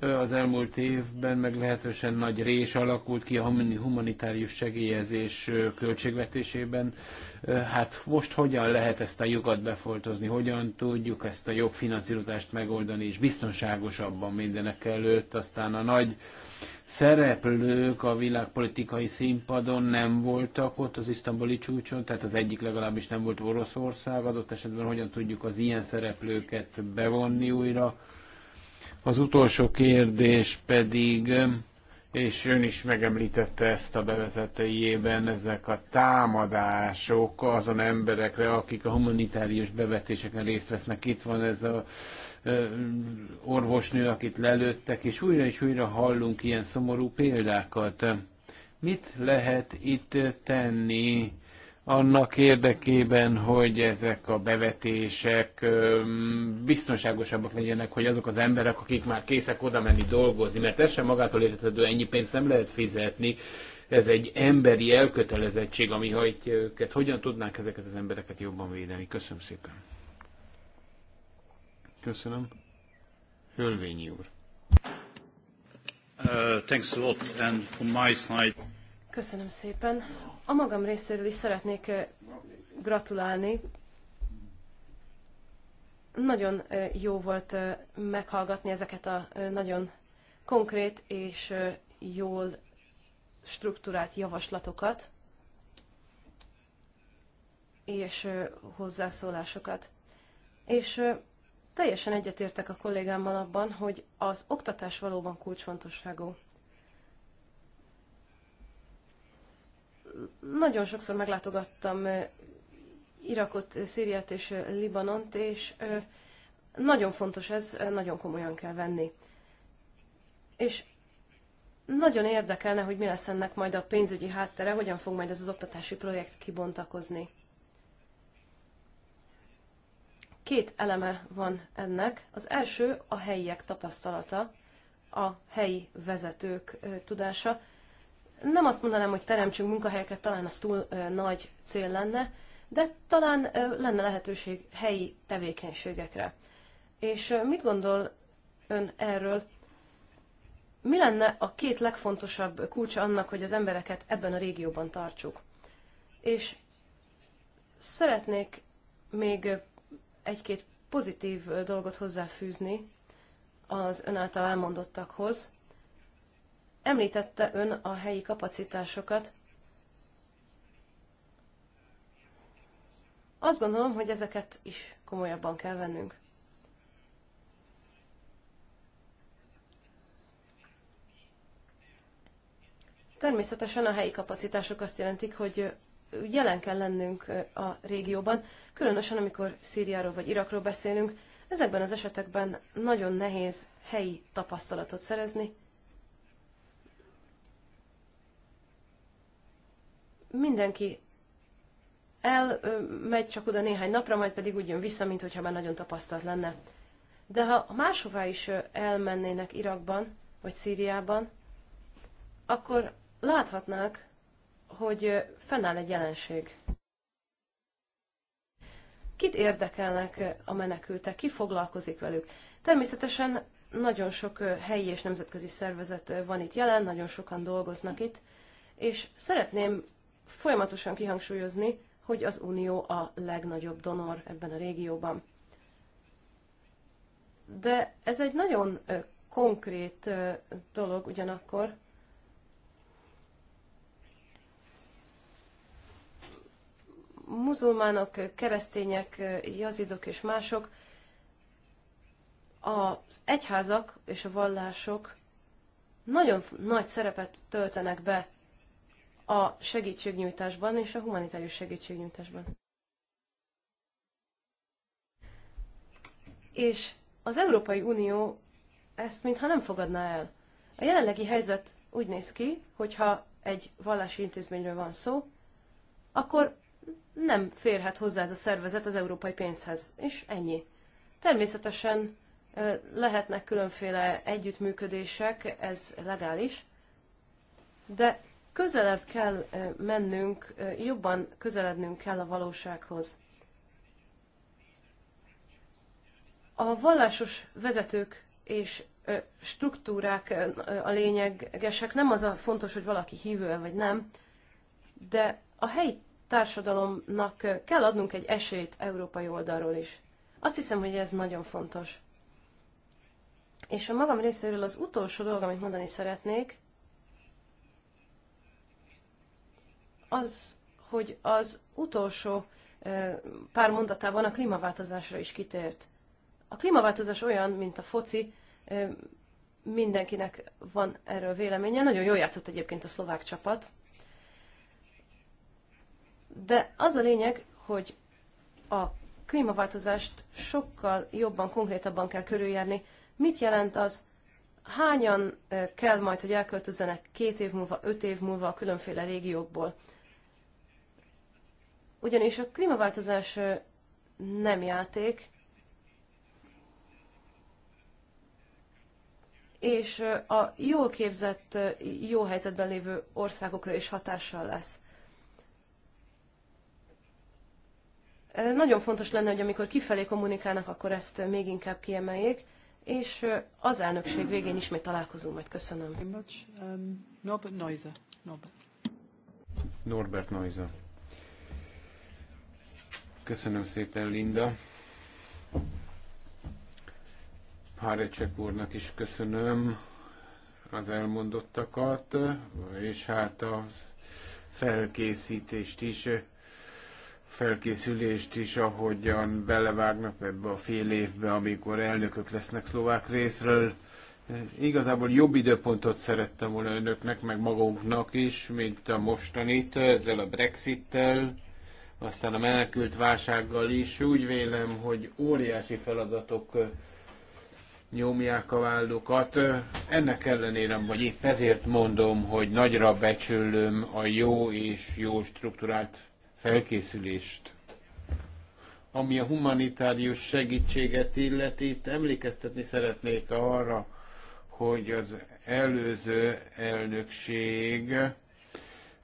C: az elmúlt évben meglehetősen nagy rés alakult ki a humanitárius segélyezés költségvetésében. Hát most hogyan lehet ezt a lyukat befoltozni, hogyan tudjuk ezt a jobb finanszírozást megoldani, és biztonságosabban mindenek előtt, aztán a nagy szereplők a világpolitikai színpadon nem voltak ott az isztambuli csúcson, tehát az egyik legalábbis nem volt Oroszország, adott esetben hogyan tudjuk az ilyen szereplőket bevonni újra, az utolsó kérdés pedig, és ön is megemlítette ezt a bevezetőjében, ezek a támadások azon emberekre, akik a humanitárius bevetéseken részt vesznek. Itt van ez a orvosnő, akit lelőttek, és újra és újra hallunk ilyen szomorú példákat. Mit lehet itt tenni? annak érdekében, hogy ezek a bevetések biztonságosabbak legyenek, hogy azok az emberek, akik már készek oda menni dolgozni, mert ez sem magától értetődő, ennyi pénzt nem lehet fizetni, ez egy emberi elkötelezettség, ami hajtja őket. Hogyan tudnánk ezeket az embereket jobban védeni? Köszönöm szépen. Köszönöm. Hölvényi úr. Uh, thanks a lot, and from my side...
B: Köszönöm szépen. A magam részéről is szeretnék eh, gratulálni. Nagyon eh, jó volt eh, meghallgatni ezeket a nagyon konkrét és jól struktúrált javaslatokat és hozzászólásokat. És teljesen egyetértek a kollégámmal abban, hogy az oktatás valóban kulcsfontosságú. nagyon sokszor meglátogattam Irakot, Szíriát és Libanont, és nagyon fontos ez, nagyon komolyan kell venni. És nagyon érdekelne, hogy mi lesz ennek majd a pénzügyi háttere, hogyan fog majd ez az oktatási projekt kibontakozni. Két eleme van ennek. Az első a helyiek tapasztalata, a helyi vezetők tudása, nem azt mondanám, hogy teremtsünk munkahelyeket, talán az túl nagy cél lenne, de talán lenne lehetőség helyi tevékenységekre. És mit gondol ön erről? Mi lenne a két legfontosabb kulcsa annak, hogy az embereket ebben a régióban tartsuk? És szeretnék még egy-két pozitív dolgot hozzáfűzni az ön által elmondottakhoz. Említette ön a helyi kapacitásokat. Azt gondolom, hogy ezeket is komolyabban kell vennünk. Természetesen a helyi kapacitások azt jelentik, hogy jelen kell lennünk a régióban, különösen amikor Szíriáról vagy Irakról beszélünk. Ezekben az esetekben nagyon nehéz helyi tapasztalatot szerezni, mindenki elmegy csak oda néhány napra, majd pedig úgy jön vissza, mintha már nagyon tapasztalt lenne. De ha máshová is elmennének Irakban, vagy Szíriában, akkor láthatnák, hogy fennáll egy jelenség. Kit érdekelnek a menekültek, ki foglalkozik velük? Természetesen nagyon sok helyi és nemzetközi szervezet van itt jelen, nagyon sokan dolgoznak itt, és szeretném folyamatosan kihangsúlyozni, hogy az Unió a legnagyobb donor ebben a régióban. De ez egy nagyon konkrét dolog ugyanakkor. Muzulmánok, keresztények, jazidok és mások, az egyházak és a vallások nagyon nagy szerepet töltenek be a segítségnyújtásban és a humanitárius segítségnyújtásban. És az Európai Unió ezt mintha nem fogadná el. A jelenlegi helyzet úgy néz ki, hogyha egy vallási intézményről van szó, akkor nem férhet hozzá ez a szervezet az európai pénzhez, és ennyi. Természetesen lehetnek különféle együttműködések, ez legális, de közelebb kell mennünk, jobban közelednünk kell a valósághoz. A vallásos vezetők és struktúrák a lényegesek. Nem az a fontos, hogy valaki hívő vagy nem, de a helyi társadalomnak kell adnunk egy esélyt európai oldalról is. Azt hiszem, hogy ez nagyon fontos. És a magam részéről az utolsó dolog, amit mondani szeretnék, az, hogy az utolsó pár mondatában a klímaváltozásra is kitért. A klímaváltozás olyan, mint a foci, mindenkinek van erről véleménye. Nagyon jól játszott egyébként a szlovák csapat. De az a lényeg, hogy a klímaváltozást sokkal jobban, konkrétabban kell körüljárni. Mit jelent az, hányan kell majd, hogy elköltözzenek két év múlva, öt év múlva a különféle régiókból? Ugyanis a klímaváltozás nem játék, és a jól képzett, jó helyzetben lévő országokra is hatással lesz. Nagyon fontos lenne, hogy amikor kifelé kommunikálnak, akkor ezt még inkább kiemeljék, és az elnökség végén ismét találkozunk majd. Köszönöm. Um, Norbert Neuser.
C: Norbert Köszönöm szépen, Linda. Párecsek úrnak is köszönöm az elmondottakat, és hát a felkészítést is, felkészülést is, ahogyan belevágnak ebbe a fél évbe, amikor elnökök lesznek szlovák részről. Igazából jobb időpontot szerettem volna önöknek, meg magunknak is, mint a mostanit, ezzel a Brexit-tel aztán a menekült válsággal is. Úgy vélem, hogy óriási feladatok nyomják a váldokat. Ennek ellenére, vagy épp ezért mondom, hogy nagyra becsülöm a jó és jó struktúrált felkészülést. Ami a humanitárius segítséget illeti, itt emlékeztetni szeretnék arra, hogy az előző elnökség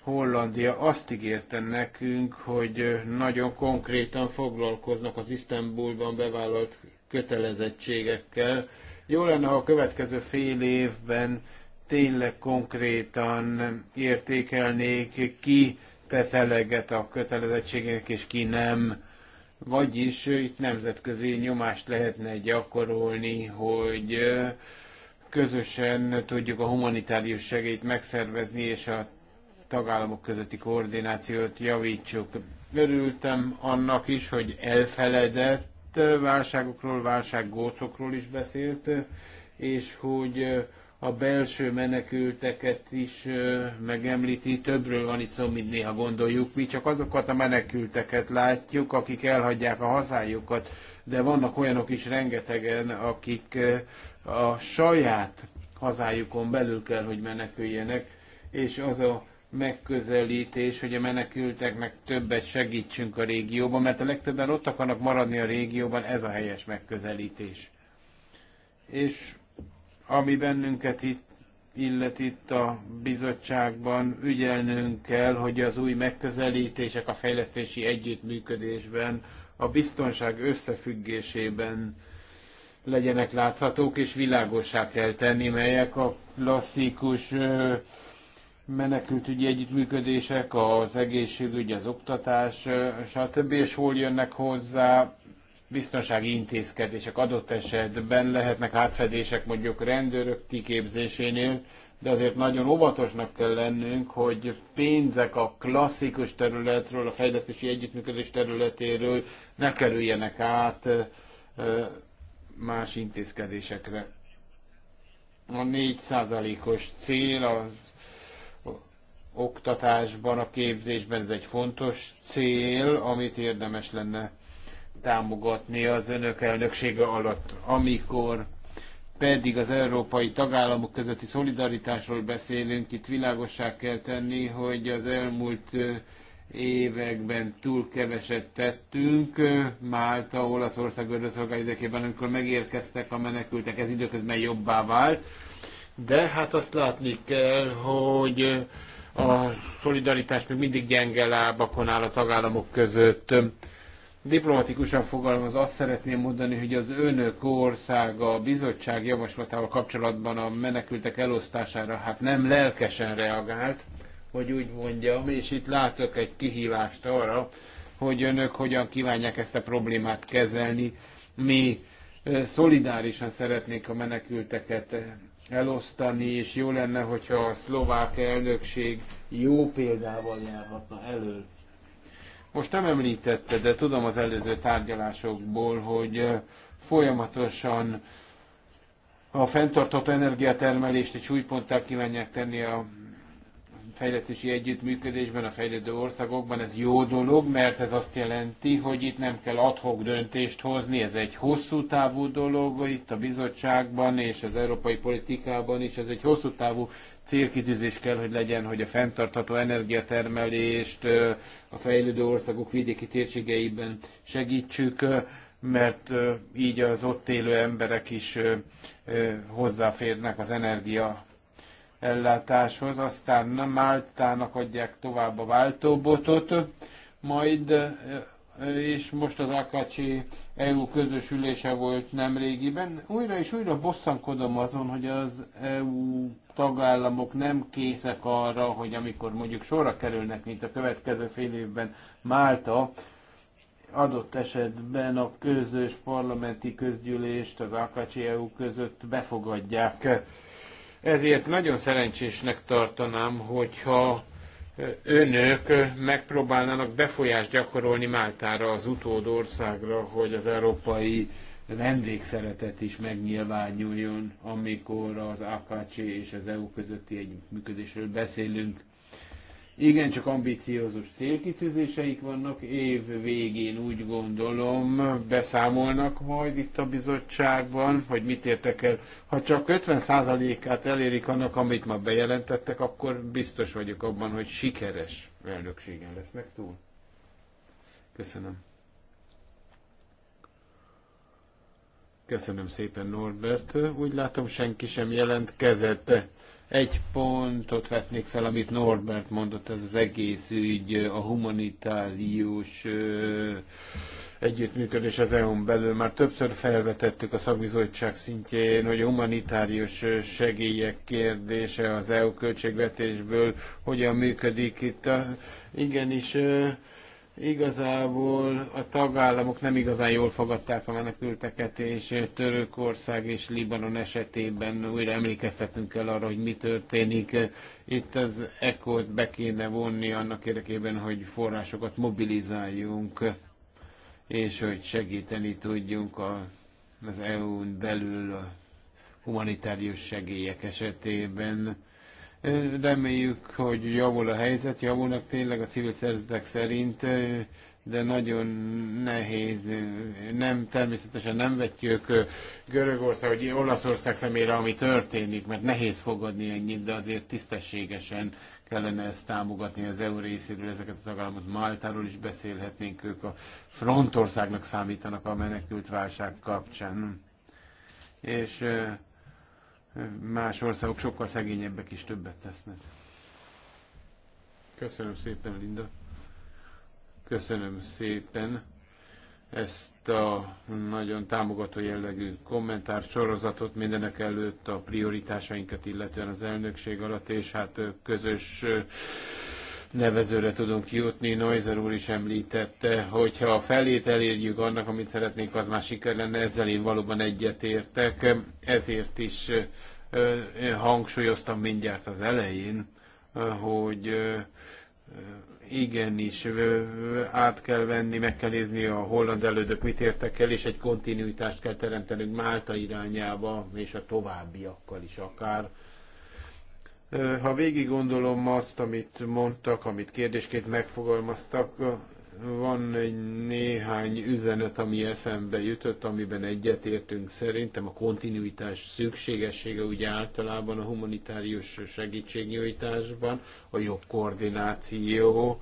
C: Hollandia azt ígérte nekünk, hogy nagyon konkrétan foglalkoznak az Isztambulban bevállalt kötelezettségekkel. Jó lenne, ha a következő fél évben tényleg konkrétan értékelnék, ki tesz eleget a kötelezettségek, és ki nem. Vagyis itt nemzetközi nyomást lehetne gyakorolni, hogy közösen tudjuk a humanitárius segélyt megszervezni, és a tagállamok közötti koordinációt javítsuk. Örültem annak is, hogy elfeledett válságokról, válsággócokról is beszélt, és hogy a belső menekülteket is megemlíti. Többről van itt szó, mint néha gondoljuk. Mi csak azokat a menekülteket látjuk, akik elhagyják a hazájukat, de vannak olyanok is rengetegen, akik a saját hazájukon belül kell, hogy meneküljenek, és az a megközelítés, hogy a menekülteknek többet segítsünk a régióban, mert a legtöbben ott akarnak maradni a régióban, ez a helyes megközelítés. És ami bennünket itt illet itt a bizottságban, ügyelnünk kell, hogy az új megközelítések a fejlesztési együttműködésben, a biztonság összefüggésében legyenek láthatók, és világosá kell tenni, melyek a klasszikus menekültügyi együttműködések, az egészségügy, az oktatás, stb. és hol jönnek hozzá biztonsági intézkedések adott esetben lehetnek átfedések mondjuk rendőrök kiképzésénél, de azért nagyon óvatosnak kell lennünk, hogy pénzek a klasszikus területről, a fejlesztési együttműködés területéről ne kerüljenek át más intézkedésekre. A 4%-os cél az oktatásban, a képzésben ez egy fontos cél, amit érdemes lenne támogatni az önök elnöksége alatt, amikor pedig az európai tagállamok közötti szolidaritásról beszélünk, itt világossá kell tenni, hogy az elmúlt években túl keveset tettünk. Málta, Olaszország, Öröszország idekében, amikor megérkeztek a menekültek, ez időközben jobbá vált. De hát azt látni kell, hogy a szolidaritás még mindig gyenge lábakon áll a tagállamok között. Diplomatikusan fogalmaz, azt szeretném mondani, hogy az önök országa a bizottság javaslatával kapcsolatban a menekültek elosztására hát nem lelkesen reagált, hogy úgy mondjam, és itt látok egy kihívást arra, hogy önök hogyan kívánják ezt a problémát kezelni. Mi szolidárisan szeretnék a menekülteket elosztani, és jó lenne, hogyha a szlovák elnökség jó példával járhatna elő. Most nem említette, de tudom az előző tárgyalásokból, hogy folyamatosan a fenntartott energiatermelést egy súlyponttá kívánják tenni a fejlesztési együttműködésben a fejlődő országokban ez jó dolog, mert ez azt jelenti, hogy itt nem kell adhok döntést hozni, ez egy hosszú távú dolog, itt a bizottságban és az európai politikában is, ez egy hosszú távú célkitűzés kell, hogy legyen, hogy a fenntartható energiatermelést a fejlődő országok vidéki térségeiben segítsük, mert így az ott élő emberek is hozzáférnek az energia ellátáshoz, aztán Máltának adják tovább a váltóbotot, majd és most az AKC EU közös ülése volt nemrégiben. Újra és újra bosszankodom azon, hogy az EU tagállamok nem készek arra, hogy amikor mondjuk sorra kerülnek, mint a következő fél évben Málta, adott esetben a közös parlamenti közgyűlést az AKC EU között befogadják ezért nagyon szerencsésnek tartanám, hogyha önök megpróbálnának befolyást gyakorolni Máltára, az utód országra, hogy az európai vendégszeretet is megnyilvánuljon, amikor az AKC és az EU közötti együttműködésről beszélünk. Igen, csak ambiciózus célkitűzéseik vannak. Év végén úgy gondolom beszámolnak majd itt a bizottságban, hogy mit értek el. Ha csak 50%-át elérik annak, amit ma bejelentettek, akkor biztos vagyok abban, hogy sikeres elnökségen lesznek túl. Köszönöm. Köszönöm szépen, Norbert. Úgy látom, senki sem jelentkezett. Egy pontot vetnék fel, amit Norbert mondott, ez az egész ügy, a humanitárius együttműködés az EU-n belül. Már többször felvetettük a szakbizottság szintjén, hogy a humanitárius segélyek kérdése az EU költségvetésből hogyan működik itt. A, igenis, Igazából a tagállamok nem igazán jól fogadták a menekülteket, és Törökország és Libanon esetében újra emlékeztetünk el arra, hogy mi történik. Itt az ECO-t be kéne vonni annak érdekében, hogy forrásokat mobilizáljunk, és hogy segíteni tudjunk a, az EU-n belül a humanitárius segélyek esetében Reméljük, hogy javul a helyzet, javulnak tényleg a civil szerzetek szerint, de nagyon nehéz. Nem, természetesen nem vetjük Görögország, vagy Olaszország szemére, ami történik, mert nehéz fogadni ennyit, de azért tisztességesen kellene ezt támogatni az EU részéről, ezeket a tagállamot Máltáról is beszélhetnénk, ők a frontországnak számítanak a menekült válság kapcsán. És Más országok sokkal szegényebbek is többet tesznek. Köszönöm szépen, Linda. Köszönöm szépen ezt a nagyon támogató jellegű kommentár sorozatot mindenek előtt a prioritásainkat illetően az elnökség alatt, és hát közös nevezőre tudunk jutni. Noizer úr is említette, hogyha a felét elérjük annak, amit szeretnénk, az már siker lenne. Ezzel én valóban egyetértek. Ezért is hangsúlyoztam mindjárt az elején, hogy igenis át kell venni, meg kell nézni a holland elődök mit értek el, és egy kontinuitást kell teremtenünk Málta irányába, és a továbbiakkal is akár ha végig gondolom azt, amit mondtak, amit kérdésként megfogalmaztak, van egy néhány üzenet, ami eszembe jutott, amiben egyetértünk szerintem a kontinuitás szükségessége ugye általában a humanitárius segítségnyújtásban, a jobb koordináció,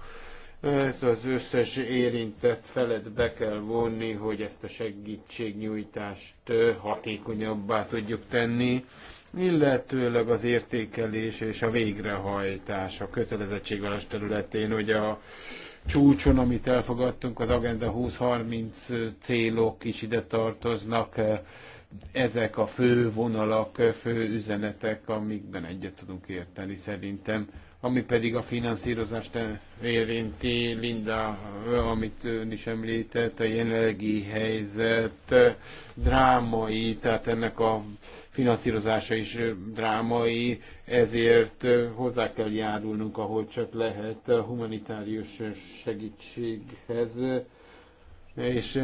C: ezt az összes érintett felet be kell vonni, hogy ezt a segítségnyújtást hatékonyabbá tudjuk tenni illetőleg az értékelés és a végrehajtás a kötelezettségvállás területén, hogy a csúcson, amit elfogadtunk, az Agenda 2030 célok is ide tartoznak, ezek a fő vonalak, fő üzenetek, amikben egyet tudunk érteni szerintem. Ami pedig a finanszírozást érinti, Linda, amit ön is említett, a jelenlegi helyzet drámai, tehát ennek a finanszírozása is drámai, ezért hozzá kell járulnunk, ahol csak lehet a humanitárius segítséghez. És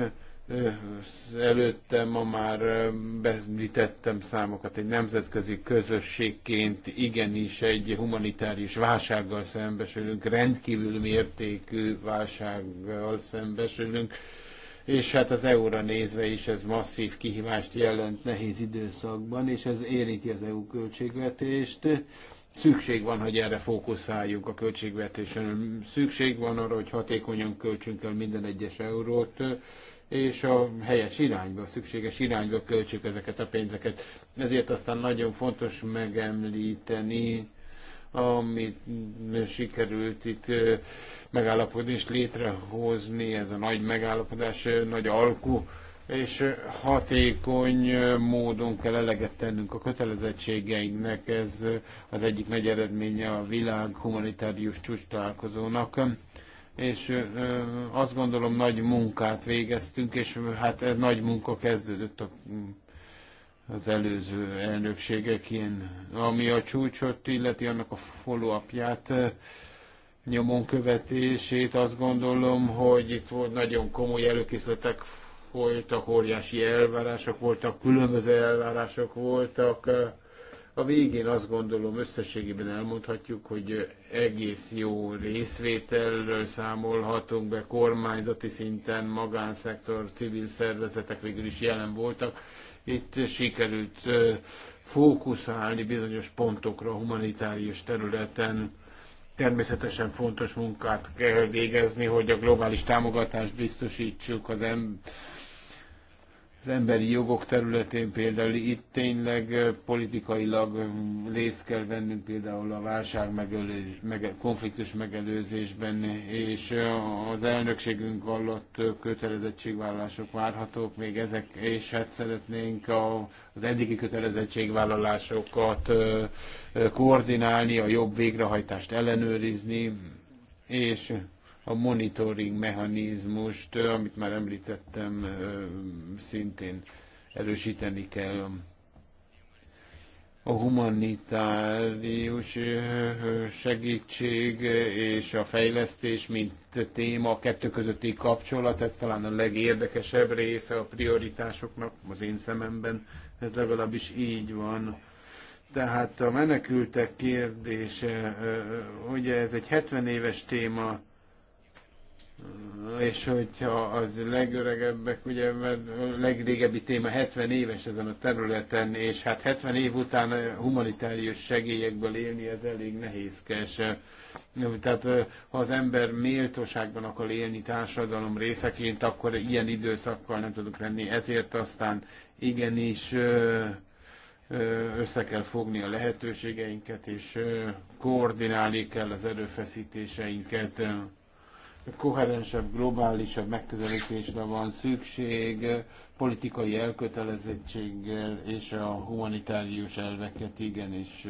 C: előtte ma már bezmítettem számokat, egy nemzetközi közösségként igenis egy humanitárius válsággal szembesülünk, rendkívül mértékű válsággal szembesülünk és hát az EU-ra nézve is ez masszív kihívást jelent nehéz időszakban, és ez érinti az EU költségvetést. Szükség van, hogy erre fókuszáljunk a költségvetésen. Szükség van arra, hogy hatékonyan költsünk el minden egyes eurót, és a helyes irányba, a szükséges irányba költsük ezeket a pénzeket. Ezért aztán nagyon fontos megemlíteni amit sikerült itt megállapodni és létrehozni, ez a nagy megállapodás, nagy alkú, és hatékony módon kell eleget tennünk a kötelezettségeinknek. Ez az egyik nagy eredménye a világ humanitárius csúcs találkozónak. És azt gondolom, nagy munkát végeztünk, és hát ez nagy munka kezdődött a az előző elnökségek ilyen, ami a csúcsot illeti, annak a follow eh, nyomon követését, azt gondolom, hogy itt volt nagyon komoly előkészületek folytak, óriási elvárások voltak, különböző elvárások voltak. Eh. A végén azt gondolom összességében elmondhatjuk, hogy egész jó részvételről számolhatunk be kormányzati szinten, magánszektor, civil szervezetek végül is jelen voltak, itt sikerült fókuszálni bizonyos pontokra a humanitárius területen. Természetesen fontos munkát kell végezni, hogy a globális támogatást biztosítsuk az emberek az emberi jogok területén például itt tényleg politikailag részt kell vennünk például a válság megelőz, mege, konfliktus megelőzésben, és az elnökségünk alatt kötelezettségvállalások várhatók még ezek, és hát szeretnénk a, az eddigi kötelezettségvállalásokat koordinálni, a jobb végrehajtást ellenőrizni, és a monitoring mechanizmust, amit már említettem, szintén erősíteni kell. A humanitárius segítség és a fejlesztés, mint téma, a kettő közötti kapcsolat, ez talán a legérdekesebb része a prioritásoknak, az én szememben ez legalábbis így van. Tehát a menekültek kérdése, ugye ez egy 70 éves téma, és hogyha az legöregebbek, ugye, mert a legrégebbi téma 70 éves ezen a területen, és hát 70 év után humanitárius segélyekből élni, ez elég nehézkes. Tehát ha az ember méltóságban akar élni társadalom részeként, akkor ilyen időszakkal nem tudunk lenni, ezért aztán igenis össze kell fogni a lehetőségeinket, és koordinálni kell az erőfeszítéseinket koherensebb, globálisabb megközelítésre van szükség, politikai elkötelezettséggel és a humanitárius elveket igenis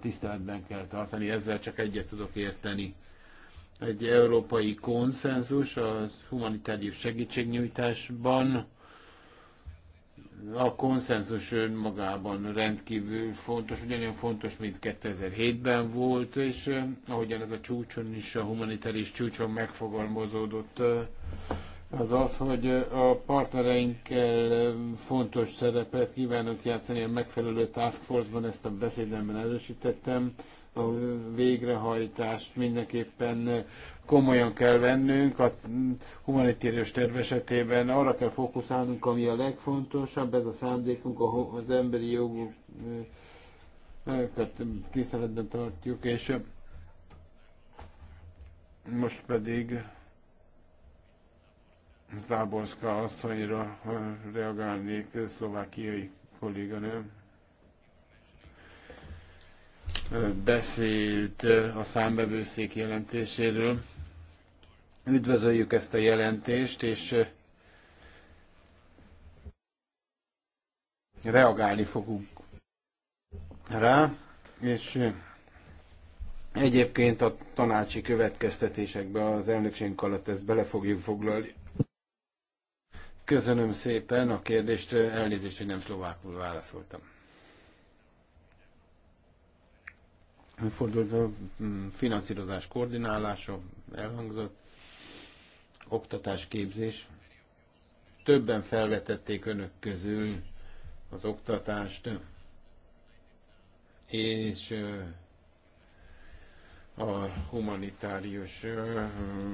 C: tiszteletben kell tartani. Ezzel csak egyet tudok érteni. Egy európai konszenzus a humanitárius segítségnyújtásban a konszenzus önmagában rendkívül fontos, ugyanolyan fontos, mint 2007-ben volt, és eh, ahogyan ez a csúcson is, a humanitárius csúcson megfogalmazódott, eh, az az, hogy eh, a partnereinkkel fontos szerepet kívánok játszani a megfelelő task force-ban, ezt a beszédemben erősítettem, a végrehajtást mindenképpen komolyan kell vennünk a humanitérius terv esetében. Arra kell fókuszálnunk, ami a legfontosabb, ez a szándékunk, az emberi jogokat tiszteletben tartjuk, és most pedig Záborska asszonyra reagálnék, szlovákiai kolléganő beszélt a számbevőszék jelentéséről. Üdvözöljük ezt a jelentést, és reagálni fogunk rá, és egyébként a tanácsi következtetésekbe az elnökségünk alatt ezt bele fogjuk foglalni. Köszönöm szépen a kérdést, elnézést, hogy nem szlovákul válaszoltam. Fordult a mm, finanszírozás koordinálása, elhangzott oktatás, képzés. Többen felvetették önök közül az oktatást, és a humanitárius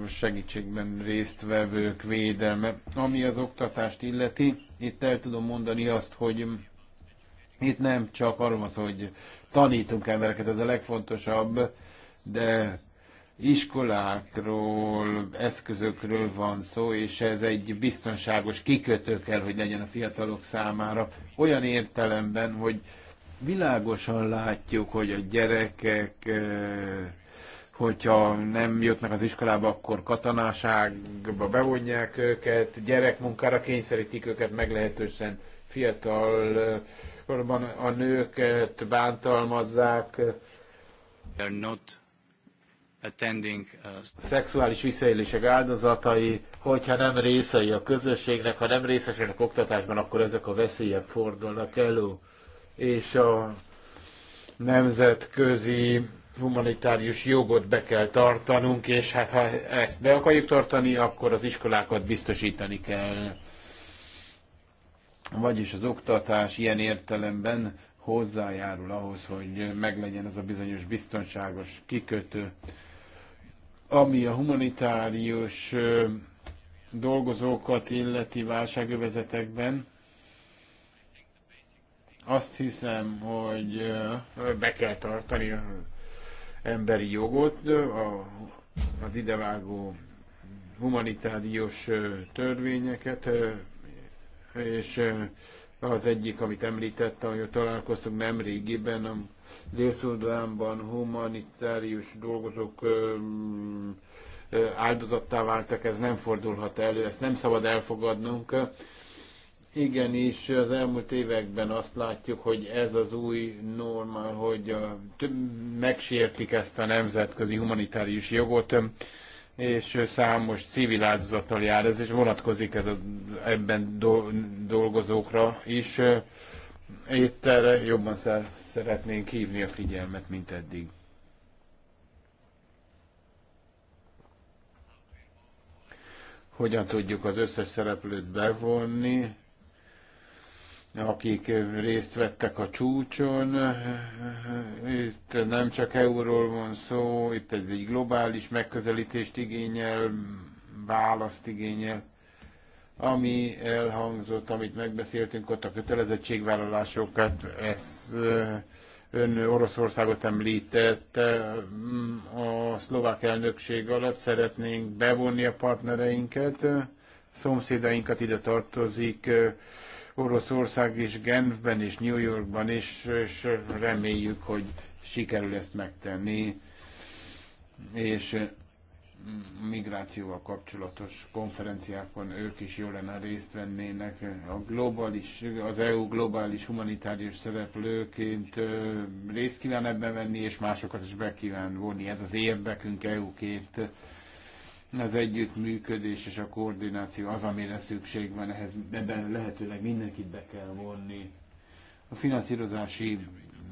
C: segítségben résztvevők védelme. Ami az oktatást illeti, itt el tudom mondani azt, hogy itt nem csak arról van szó, hogy tanítunk embereket, ez a legfontosabb, de iskolákról, eszközökről van szó, és ez egy biztonságos kikötő kell, hogy legyen a fiatalok számára. Olyan értelemben, hogy világosan látjuk, hogy a gyerekek, eh, hogyha nem jutnak az iskolába, akkor katonáságba bevonják őket, gyerekmunkára kényszerítik őket meglehetősen fiatal a nőket bántalmazzák. They're not attending. Uh, szexuális visszaélések áldozatai, hogyha nem részei a közösségnek, ha nem részesek oktatásban, akkor ezek a veszélyek fordulnak elő. És a nemzetközi humanitárius jogot be kell tartanunk, és hát ha ezt be akarjuk tartani, akkor az iskolákat biztosítani kell. Vagyis az oktatás ilyen értelemben hozzájárul ahhoz, hogy meglegyen ez a bizonyos biztonságos kikötő. Ami a humanitárius dolgozókat illeti válságövezetekben, azt hiszem, hogy be kell tartani az emberi jogot, az idevágó humanitárius törvényeket, és az egyik, amit említettem, hogy találkoztunk nem régiben, Dél-Szudánban humanitárius dolgozók áldozattá váltak, ez nem fordulhat elő, ezt nem szabad elfogadnunk. Igenis, az elmúlt években azt látjuk, hogy ez az új normál, hogy megsértik ezt a nemzetközi humanitárius jogot, és számos civil áldozattal jár ez, és vonatkozik ez a, ebben do, dolgozókra is itt erre jobban szeretnénk hívni a figyelmet, mint eddig. Hogyan tudjuk az összes szereplőt bevonni, akik részt vettek a csúcson. Itt nem csak euróról van szó, itt egy, egy globális megközelítést igényel, választ igényel ami elhangzott, amit megbeszéltünk ott a kötelezettségvállalásokat, hát ez ön Oroszországot említett, mm, a szlovák elnökség alatt szeretnénk bevonni a partnereinket, szomszédainkat ide tartozik, Oroszország is Genfben és New Yorkban is, és reméljük, hogy sikerül ezt megtenni. És migrációval kapcsolatos konferenciákon ők is jó lenne részt vennének. A globális, az EU globális humanitárius szereplőként részt kíván ebben venni, és másokat is be kíván vonni. Ez az érdekünk EU-ként. Az együttműködés és a koordináció az, amire szükség van, ehhez ebben lehetőleg mindenkit be kell vonni. A finanszírozási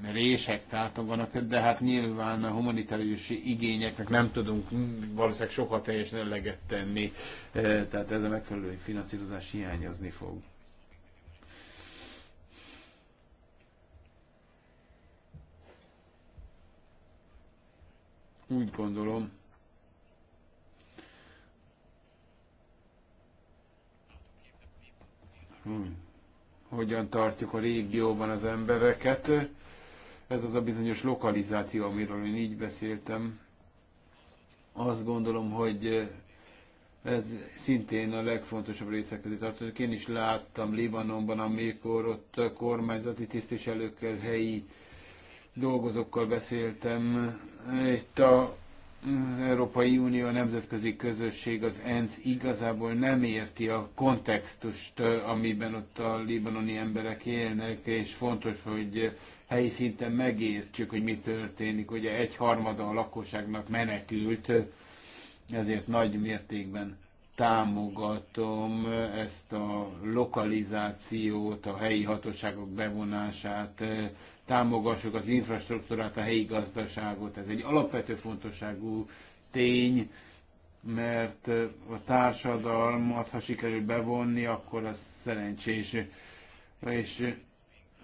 C: rések tátoganak, de hát nyilván a humanitárius igényeknek nem tudunk valószínűleg sokat teljesen eleget tenni, e, tehát ez a megfelelő finanszírozás hiányozni fog. Úgy gondolom, hogyan tartjuk a régióban az embereket. Ez az a bizonyos lokalizáció, amiről én így beszéltem. Azt gondolom, hogy ez szintén a legfontosabb részek közé tartozik. Én is láttam Libanonban, amikor ott kormányzati tisztviselőkkel, helyi dolgozókkal beszéltem. Itt a az Európai Unió, a nemzetközi közösség, az ENSZ igazából nem érti a kontextust, amiben ott a libanoni emberek élnek, és fontos, hogy helyi szinten megértsük, hogy mi történik. Ugye egy harmada a lakosságnak menekült, ezért nagy mértékben támogatom ezt a lokalizációt, a helyi hatóságok bevonását, támogassuk az infrastruktúrát, a helyi gazdaságot. Ez egy alapvető fontosságú tény, mert a társadalmat, ha sikerül bevonni, akkor az szerencsés. És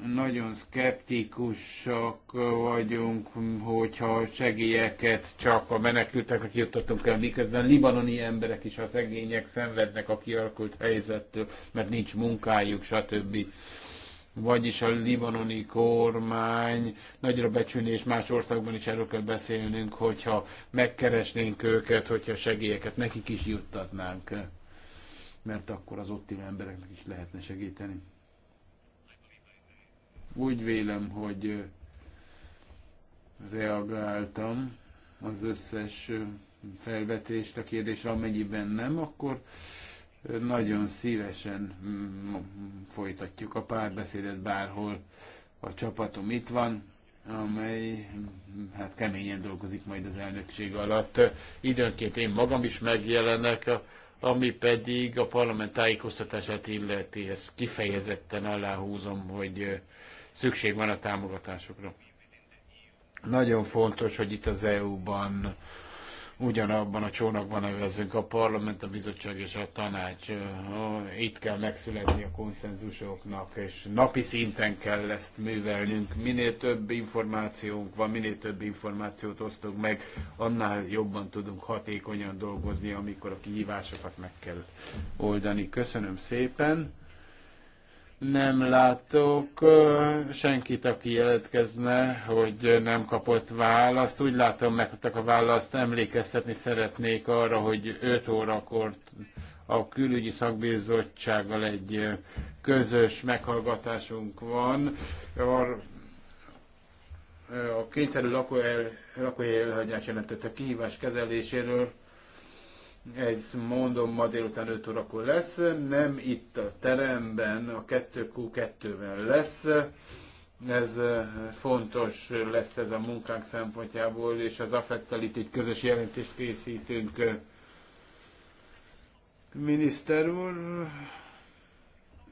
C: nagyon szkeptikusak vagyunk, hogyha segélyeket csak a menekülteknek juttatunk el, miközben libanoni emberek is a szegények szenvednek a kialakult helyzettől, mert nincs munkájuk, stb. Vagyis a libanoni kormány nagyra becsülni, és más országban is erről kell beszélnünk, hogyha megkeresnénk őket, hogyha segélyeket nekik is juttatnánk, mert akkor az ottili embereknek is lehetne segíteni. Úgy vélem, hogy reagáltam az összes felvetést, a kérdésre, amennyiben nem, akkor nagyon szívesen mm, folytatjuk a párbeszédet bárhol. A csapatom itt van, amely mm, hát keményen dolgozik majd az elnökség alatt. Időnként én magam is megjelenek, ami pedig a parlament tájékoztatását illeti. Ezt kifejezetten aláhúzom, hogy szükség van a támogatásokra. Nagyon fontos, hogy itt az EU-ban ugyanabban a csónakban nevezzünk a parlament, a bizottság és a tanács. Itt kell megszületni a konszenzusoknak, és napi szinten kell ezt művelnünk. Minél több információnk van, minél több információt osztunk meg, annál jobban tudunk hatékonyan dolgozni, amikor a kihívásokat meg kell oldani. Köszönöm szépen! Nem látok senkit, aki jelentkezne, hogy nem kapott választ. Úgy látom, megkaptak a választ, emlékeztetni szeretnék arra, hogy 5 órakor a külügyi szakbizottsággal egy közös meghallgatásunk van. A kényszerű lakóhely elhagyás jelentett a kihívás kezeléséről ez mondom ma délután 5 órakor lesz, nem itt a teremben, a 2Q2-ben lesz. Ez eh, fontos lesz ez a munkánk szempontjából, és az affektal itt egy közös jelentést készítünk. Miniszter úr,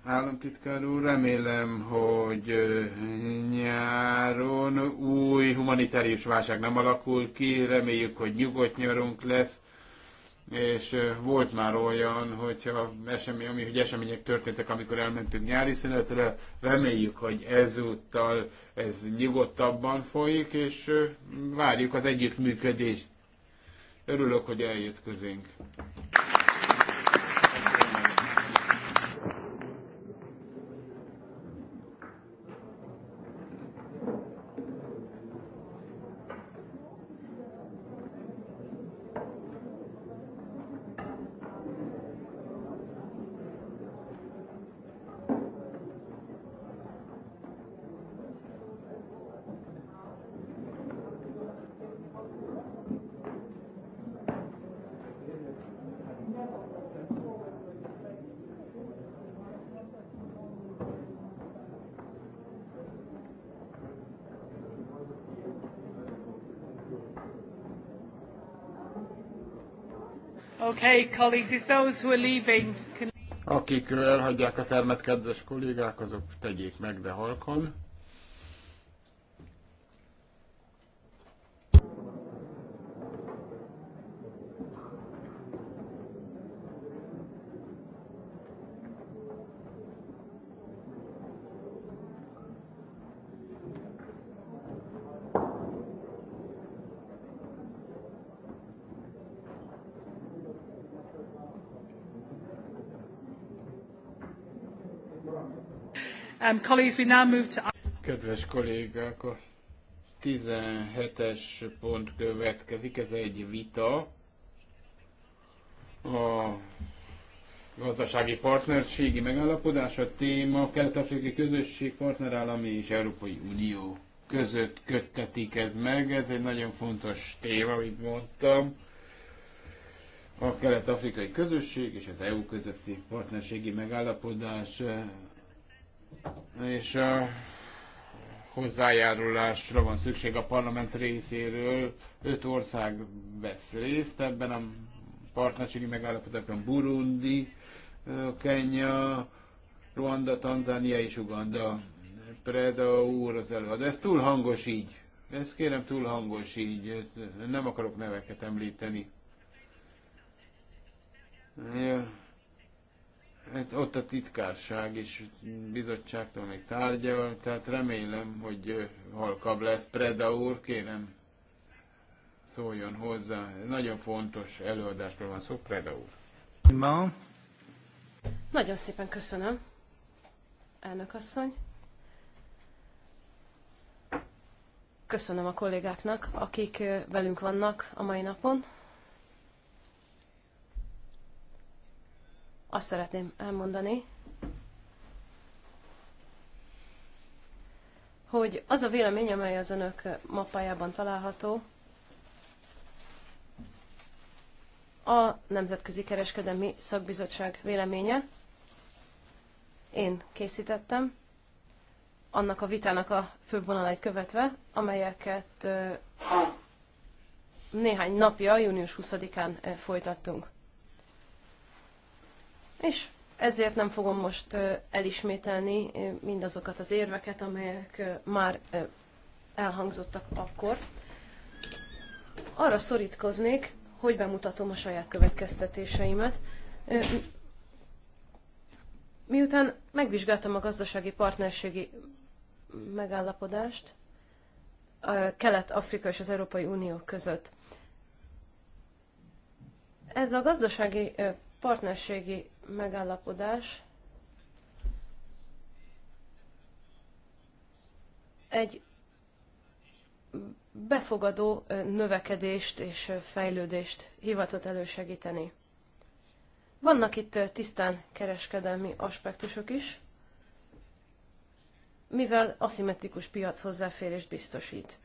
C: államtitkár úr, remélem, hogy eh, nyáron új humanitárius válság nem alakul ki, reméljük, hogy nyugodt nyarunk lesz és volt már olyan, hogyha esemény, ami, hogy események történtek, amikor elmentünk nyári szünetre, reméljük, hogy ezúttal ez nyugodtabban folyik, és várjuk az együttműködést. Örülök, hogy eljött közénk. Akik elhagyják a termet, kedves kollégák, azok tegyék meg, de halkan.
A: Um, colleagues, we now move to...
C: Kedves kollégák, a 17-es pont következik, ez egy vita. A gazdasági partnerségi megállapodás a téma Kelet-Afrikai Közösség partnerállami és Európai Unió között köttetik ez meg. Ez egy nagyon fontos téma, amit mondtam. A Kelet-Afrikai Közösség és az EU közötti partnerségi megállapodás és a hozzájárulásra van szükség a parlament részéről. Öt ország vesz részt ebben a partnerségi megállapodásban Burundi, Kenya, Ruanda, Tanzánia és Uganda. Preda úr az előadó. Ez túl hangos így. Ez kérem túl hangos így. Nem akarok neveket említeni. Ja hát ott a titkárság is bizottságtól még tárgyal, tehát remélem, hogy halkabb lesz Preda úr, kérem szóljon hozzá. Nagyon fontos előadásról van szó, Preda úr. Ma.
B: Nagyon szépen köszönöm, elnök asszony. Köszönöm a kollégáknak, akik velünk vannak a mai napon. Azt szeretném elmondani, hogy az a vélemény, amely az önök mappájában található, a Nemzetközi Kereskedelmi Szakbizottság véleménye. Én készítettem, annak a vitának a főbb vonalait követve, amelyeket néhány napja, június 20-án folytattunk. És ezért nem fogom most elismételni mindazokat az érveket, amelyek már elhangzottak akkor. Arra szorítkoznék, hogy bemutatom a saját következtetéseimet. Miután megvizsgáltam a gazdasági partnerségi megállapodást Kelet-Afrika és az Európai Unió között. Ez a gazdasági partnerségi megállapodás egy befogadó növekedést és fejlődést hivatott elősegíteni. Vannak itt tisztán kereskedelmi aspektusok is, mivel aszimmetrikus piac hozzáférést biztosít.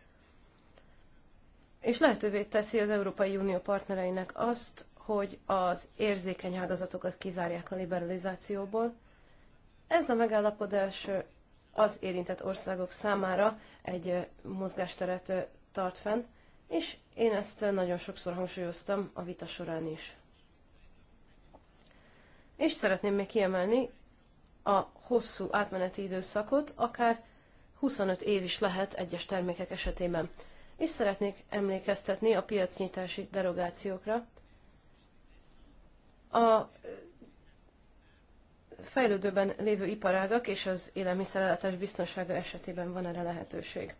B: És lehetővé teszi az Európai Unió partnereinek azt, hogy az érzékeny ágazatokat kizárják a liberalizációból. Ez a megállapodás az érintett országok számára egy mozgásteret tart fenn, és én ezt nagyon sokszor hangsúlyoztam a vita során is. És szeretném még kiemelni a hosszú átmeneti időszakot, akár 25 év is lehet egyes termékek esetében. És szeretnék emlékeztetni a piacnyitási derogációkra, a fejlődőben lévő iparágak és az élelmiszerellátás biztonsága esetében van erre lehetőség.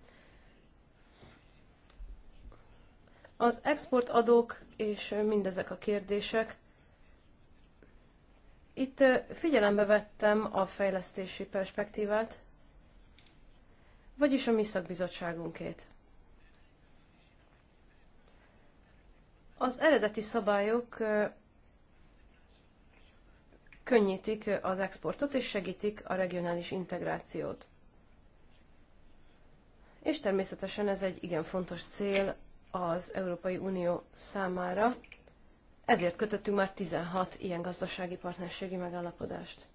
B: Az exportadók és mindezek a kérdések. Itt figyelembe vettem a fejlesztési perspektívát, vagyis a mi szakbizottságunkét. Az eredeti szabályok könnyítik az exportot és segítik a regionális integrációt. És természetesen ez egy igen fontos cél az Európai Unió számára, ezért kötöttünk már 16 ilyen gazdasági partnerségi megállapodást.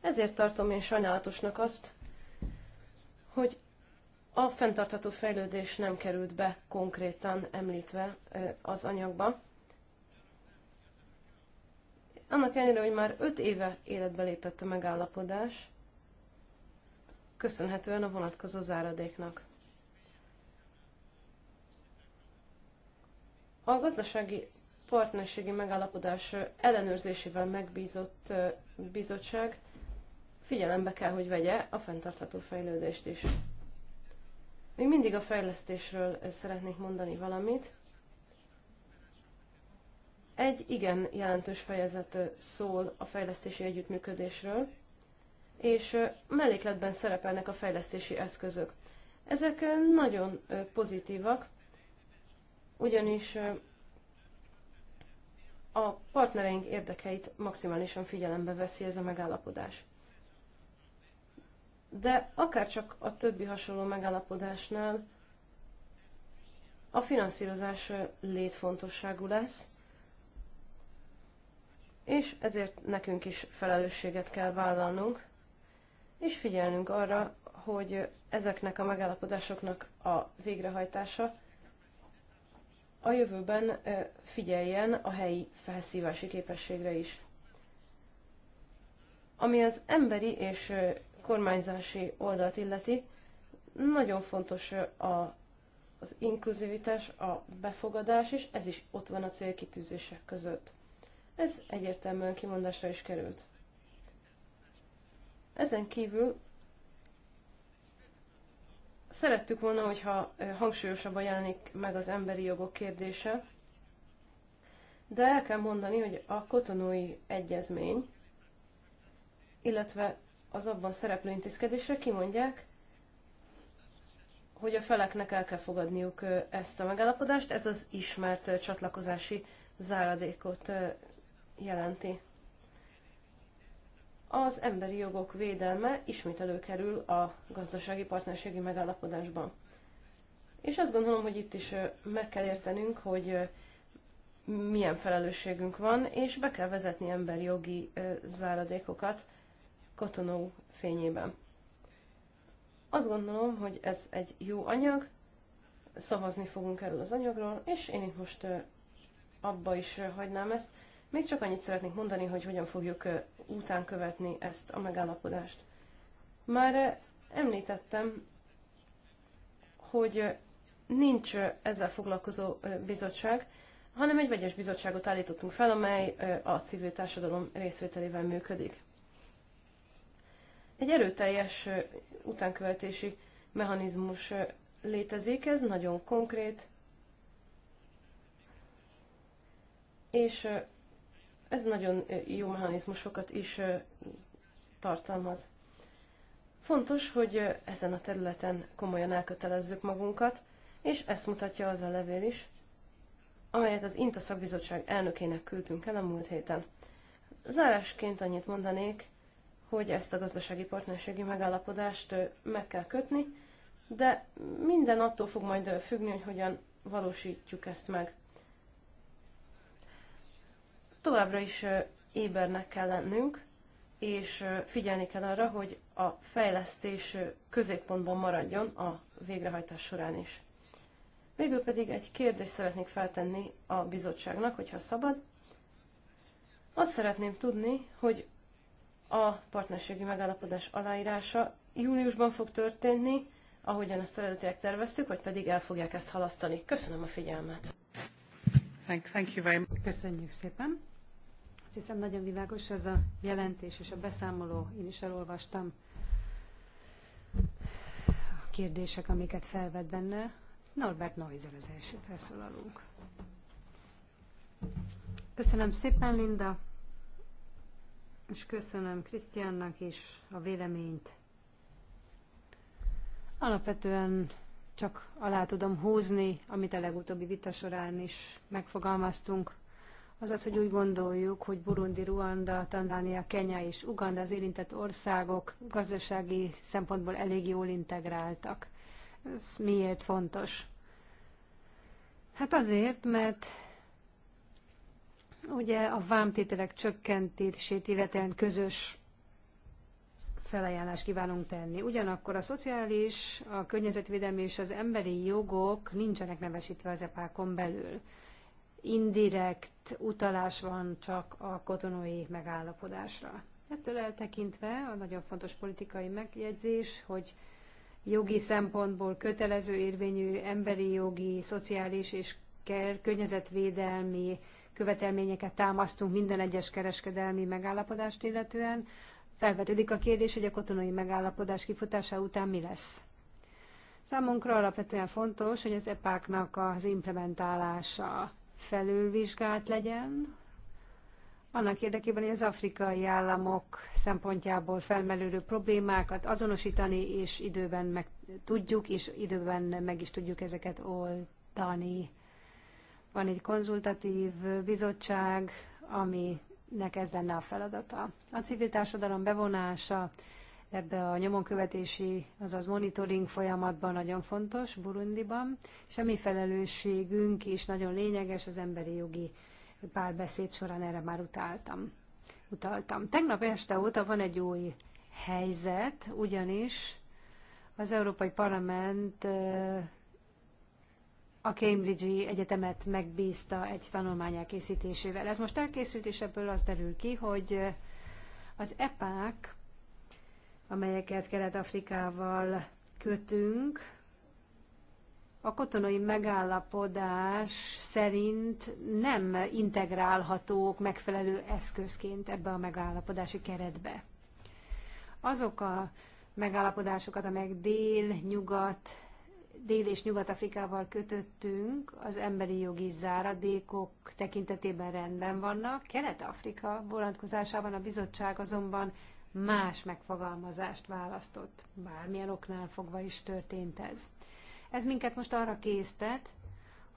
B: Ezért tartom én sajnálatosnak azt, hogy a fenntartható fejlődés nem került be konkrétan említve az anyagba, annak ellenére, hogy már 5 éve életbe lépett a megállapodás, köszönhetően a vonatkozó záradéknak. A gazdasági partnerségi megállapodás ellenőrzésével megbízott bizottság figyelembe kell, hogy vegye a fenntartható fejlődést is. Még mindig a fejlesztésről szeretnék mondani valamit. Egy igen jelentős fejezet szól a fejlesztési együttműködésről, és mellékletben szerepelnek a fejlesztési eszközök. Ezek nagyon pozitívak, ugyanis a partnereink érdekeit maximálisan figyelembe veszi ez a megállapodás. De akár csak a többi hasonló megállapodásnál a finanszírozás létfontosságú lesz, és ezért nekünk is felelősséget kell vállalnunk, és figyelnünk arra, hogy ezeknek a megállapodásoknak a végrehajtása a jövőben figyeljen a helyi felszívási képességre is. Ami az emberi és kormányzási oldalt illeti, nagyon fontos a, az inkluzivitás, a befogadás, és ez is ott van a célkitűzések között. Ez egyértelműen kimondásra is került. Ezen kívül szerettük volna, hogyha hangsúlyosabban jelenik meg az emberi jogok kérdése, de el kell mondani, hogy a kotonói egyezmény, illetve az abban szereplő intézkedésre kimondják, hogy a feleknek el kell fogadniuk ezt a megállapodást, ez az ismert csatlakozási záradékot jelenti. Az emberi jogok védelme ismét előkerül a gazdasági partnerségi megállapodásban. És azt gondolom, hogy itt is meg kell értenünk, hogy milyen felelősségünk van, és be kell vezetni emberi jogi záradékokat Kotonó fényében. Azt gondolom, hogy ez egy jó anyag, szavazni fogunk erről az anyagról, és én itt most abba is hagynám ezt, még csak annyit szeretnék mondani, hogy hogyan fogjuk után követni ezt a megállapodást. Már említettem, hogy nincs ezzel foglalkozó bizottság, hanem egy vegyes bizottságot állítottunk fel, amely a civil társadalom részvételével működik. Egy erőteljes utánkövetési mechanizmus létezik, ez nagyon konkrét, és ez nagyon jó mechanizmusokat is tartalmaz. Fontos, hogy ezen a területen komolyan elkötelezzük magunkat, és ezt mutatja az a levél is, amelyet az INTA szakbizottság elnökének küldtünk el a múlt héten. Zárásként annyit mondanék, hogy ezt a gazdasági partnerségi megállapodást meg kell kötni, de minden attól fog majd függni, hogy hogyan valósítjuk ezt meg továbbra is ébernek kell lennünk, és figyelni kell arra, hogy a fejlesztés középpontban maradjon a végrehajtás során is. Végül pedig egy kérdést szeretnék feltenni a bizottságnak, hogyha szabad. Azt szeretném tudni, hogy a partnerségi megállapodás aláírása júniusban fog történni, ahogyan ezt eredetileg terveztük, vagy pedig el fogják ezt
A: halasztani. Köszönöm a figyelmet. Thank, thank you very much. Köszönjük szépen. Azt hiszem nagyon világos ez a jelentés és a beszámoló, én is elolvastam a kérdések, amiket felvet benne. Norbert Neuser az első felszólalunk. Köszönöm szépen, Linda, és köszönöm Krisztiánnak is a véleményt. Alapvetően csak alá tudom húzni, amit a legutóbbi vita során is megfogalmaztunk. Azaz, hogy úgy gondoljuk, hogy Burundi, Ruanda, Tanzánia, Kenya és Uganda az érintett országok gazdasági szempontból elég jól integráltak. Ez miért fontos? Hát azért, mert ugye a vámtételek csökkentését illetően közös felajánlást kívánunk tenni. Ugyanakkor a szociális, a környezetvédelmi és az emberi jogok nincsenek nevesítve az epákon belül indirekt utalás van csak a kotonói megállapodásra. Ettől eltekintve a nagyon fontos politikai megjegyzés, hogy jogi szempontból kötelező érvényű emberi jogi, szociális és környezetvédelmi követelményeket támasztunk minden egyes kereskedelmi megállapodást illetően, felvetődik a kérdés, hogy a katonai megállapodás kifutása után mi lesz. Számunkra alapvetően fontos, hogy az epáknak az implementálása felülvizsgált legyen, annak érdekében, hogy az afrikai államok szempontjából felmerülő problémákat azonosítani, és időben meg tudjuk, és időben meg is tudjuk ezeket oltani. Van egy konzultatív bizottság, aminek ez lenne a feladata. A civil társadalom bevonása ebbe a nyomonkövetési, azaz monitoring folyamatban nagyon fontos Burundiban, és a mi felelősségünk is nagyon lényeges az emberi jogi párbeszéd során erre már utáltam. utaltam. Tegnap este óta van egy új helyzet, ugyanis az Európai Parlament a Cambridge-i Egyetemet megbízta egy tanulmány elkészítésével. Ez most elkészült, és ebből az derül ki, hogy az EPÁK amelyeket Kelet-Afrikával kötünk, a kotonai megállapodás szerint nem integrálhatók megfelelő eszközként ebbe a megállapodási keretbe. Azok a megállapodásokat, amelyek dél-nyugat, dél- és nyugat-afrikával kötöttünk, az emberi jogi záradékok tekintetében rendben vannak. Kelet-Afrika vonatkozásában a bizottság azonban más megfogalmazást választott, bármilyen oknál fogva is történt ez. Ez minket most arra késztet,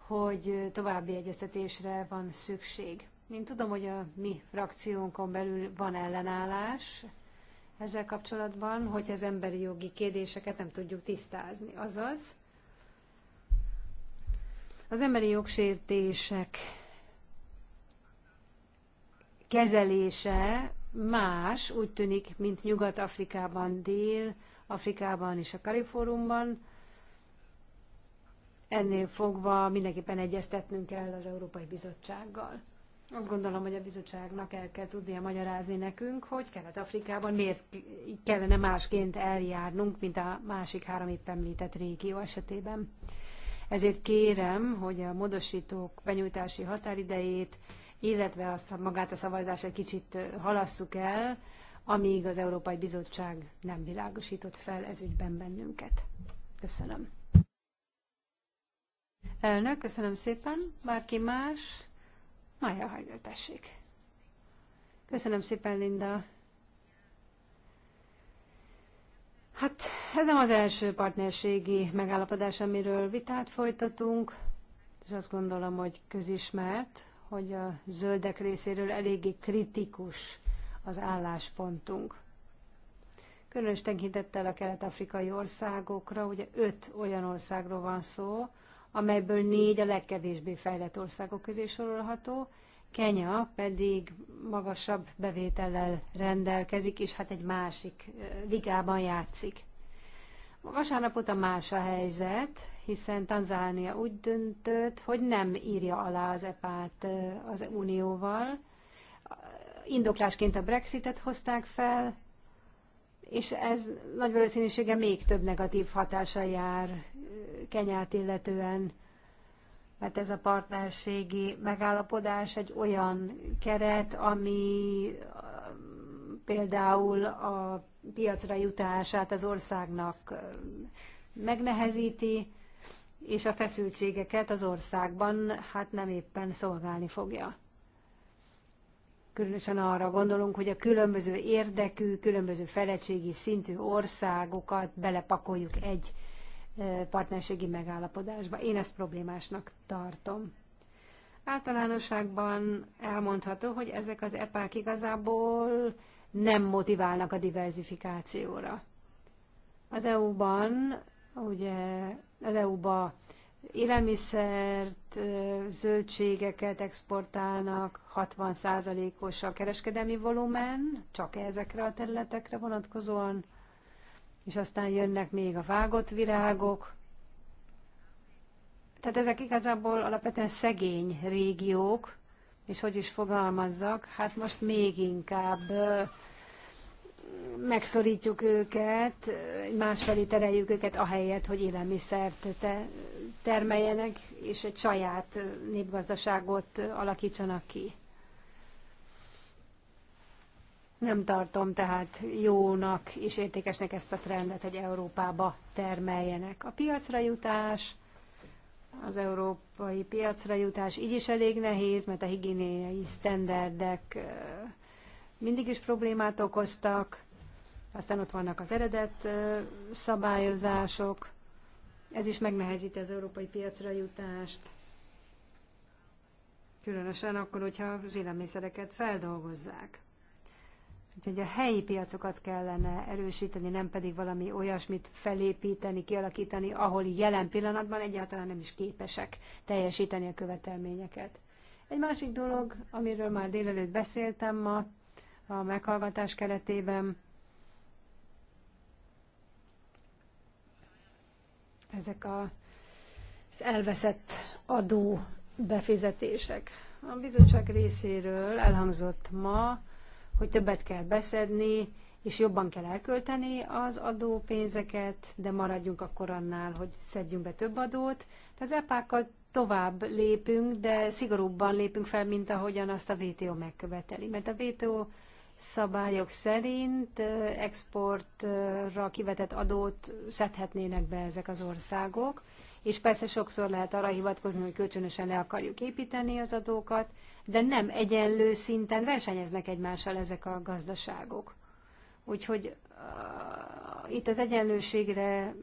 A: hogy további egyeztetésre van szükség. Én tudom, hogy a mi frakciónkon belül van ellenállás ezzel kapcsolatban, hogy az emberi jogi kérdéseket nem tudjuk tisztázni. Azaz, az emberi jogsértések kezelése más, úgy tűnik, mint Nyugat-Afrikában, Dél-Afrikában és a Kaliforumban. Ennél fogva mindenképpen egyeztetnünk kell az Európai Bizottsággal. Azt gondolom, hogy a bizottságnak el kell tudnia magyarázni nekünk, hogy Kelet-Afrikában miért kellene másként eljárnunk, mint a másik három épp említett régió esetében. Ezért kérem, hogy a módosítók benyújtási határidejét, illetve a, magát a szavazást egy kicsit halasszuk el, amíg az Európai Bizottság nem világosított fel Ez ügyben bennünket. Köszönöm. Elnök, köszönöm szépen. Bárki más? Maja Hajgel, tessék. Köszönöm szépen, Linda. Hát ez nem az első partnerségi megállapodás, amiről vitát folytatunk, és azt gondolom, hogy közismert, hogy a zöldek részéről eléggé kritikus az álláspontunk. Különös tekintettel a kelet-afrikai országokra, ugye öt olyan országról van szó, amelyből négy a legkevésbé fejlett országok közé sorolható, Kenya pedig magasabb bevétellel rendelkezik, és hát egy másik ligában játszik. Vasárnap óta más a helyzet, hiszen Tanzánia úgy döntött, hogy nem írja alá az EPÁ-t az Unióval. Indoklásként a Brexitet hozták fel, és ez nagy valószínűsége még több negatív hatása jár Kenyát illetően, mert ez a partnerségi megállapodás egy olyan keret, ami um, például a piacra jutását az országnak um, megnehezíti, és a feszültségeket az országban hát nem éppen szolgálni fogja. Különösen arra gondolunk, hogy a különböző érdekű, különböző felettségi szintű országokat belepakoljuk egy partnerségi megállapodásba. Én ezt problémásnak tartom. Általánosságban elmondható, hogy ezek az epák igazából nem motiválnak a diversifikációra. Az EU-ban, ugye az EU-ba élelmiszert, zöldségeket exportálnak, 60%-os a kereskedelmi volumen, csak ezekre a területekre vonatkozóan és aztán jönnek még a vágott virágok. Tehát ezek igazából alapvetően szegény régiók, és hogy is fogalmazzak, hát most még inkább megszorítjuk őket, másfelé tereljük őket, ahelyett, hogy élelmiszert te, termeljenek, és egy saját népgazdaságot alakítsanak ki. Nem tartom tehát jónak és értékesnek ezt a trendet, hogy Európába termeljenek. A piacra jutás, az európai piacra jutás így is elég nehéz, mert a higiéniai sztenderdek mindig is problémát okoztak, aztán ott vannak az eredet szabályozások, ez is megnehezíti az európai piacra jutást. Különösen akkor, hogyha élelmiszereket feldolgozzák. Úgyhogy a helyi piacokat kellene erősíteni, nem pedig valami olyasmit felépíteni, kialakítani, ahol jelen pillanatban egyáltalán nem is képesek teljesíteni a követelményeket. Egy másik dolog, amiről már délelőtt beszéltem ma a meghallgatás keretében, ezek a, az elveszett adó befizetések. A bizottság részéről elhangzott ma, hogy többet kell beszedni, és jobban kell elkölteni az adópénzeket, de maradjunk akkor annál, hogy szedjünk be több adót. Tehát az epákkal tovább lépünk, de szigorúbban lépünk fel, mint ahogyan azt a WTO megköveteli. Mert a WTO szabályok szerint exportra kivetett adót szedhetnének be ezek az országok, és persze sokszor lehet arra hivatkozni, hogy kölcsönösen le akarjuk építeni az adókat, de nem egyenlő szinten versenyeznek egymással ezek a gazdaságok. Úgyhogy uh, itt az egyenlőségre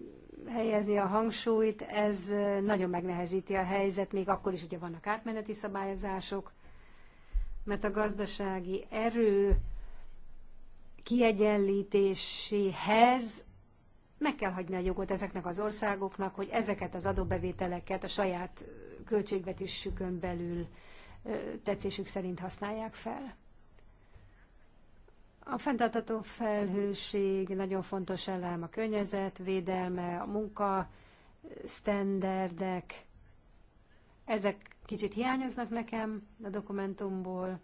A: helyezni a hangsúlyt, ez uh, nagyon megnehezíti a helyzet, még akkor is ugye vannak átmeneti szabályozások, mert a gazdasági erő kiegyenlítéséhez meg kell hagyni a jogot ezeknek az országoknak, hogy ezeket az adóbevételeket a saját költségvetésükön belül tetszésük szerint használják fel. A fenntartató felhőség nagyon fontos elem a környezet védelme, a munka, sztenderdek. Ezek kicsit hiányoznak nekem a dokumentumból,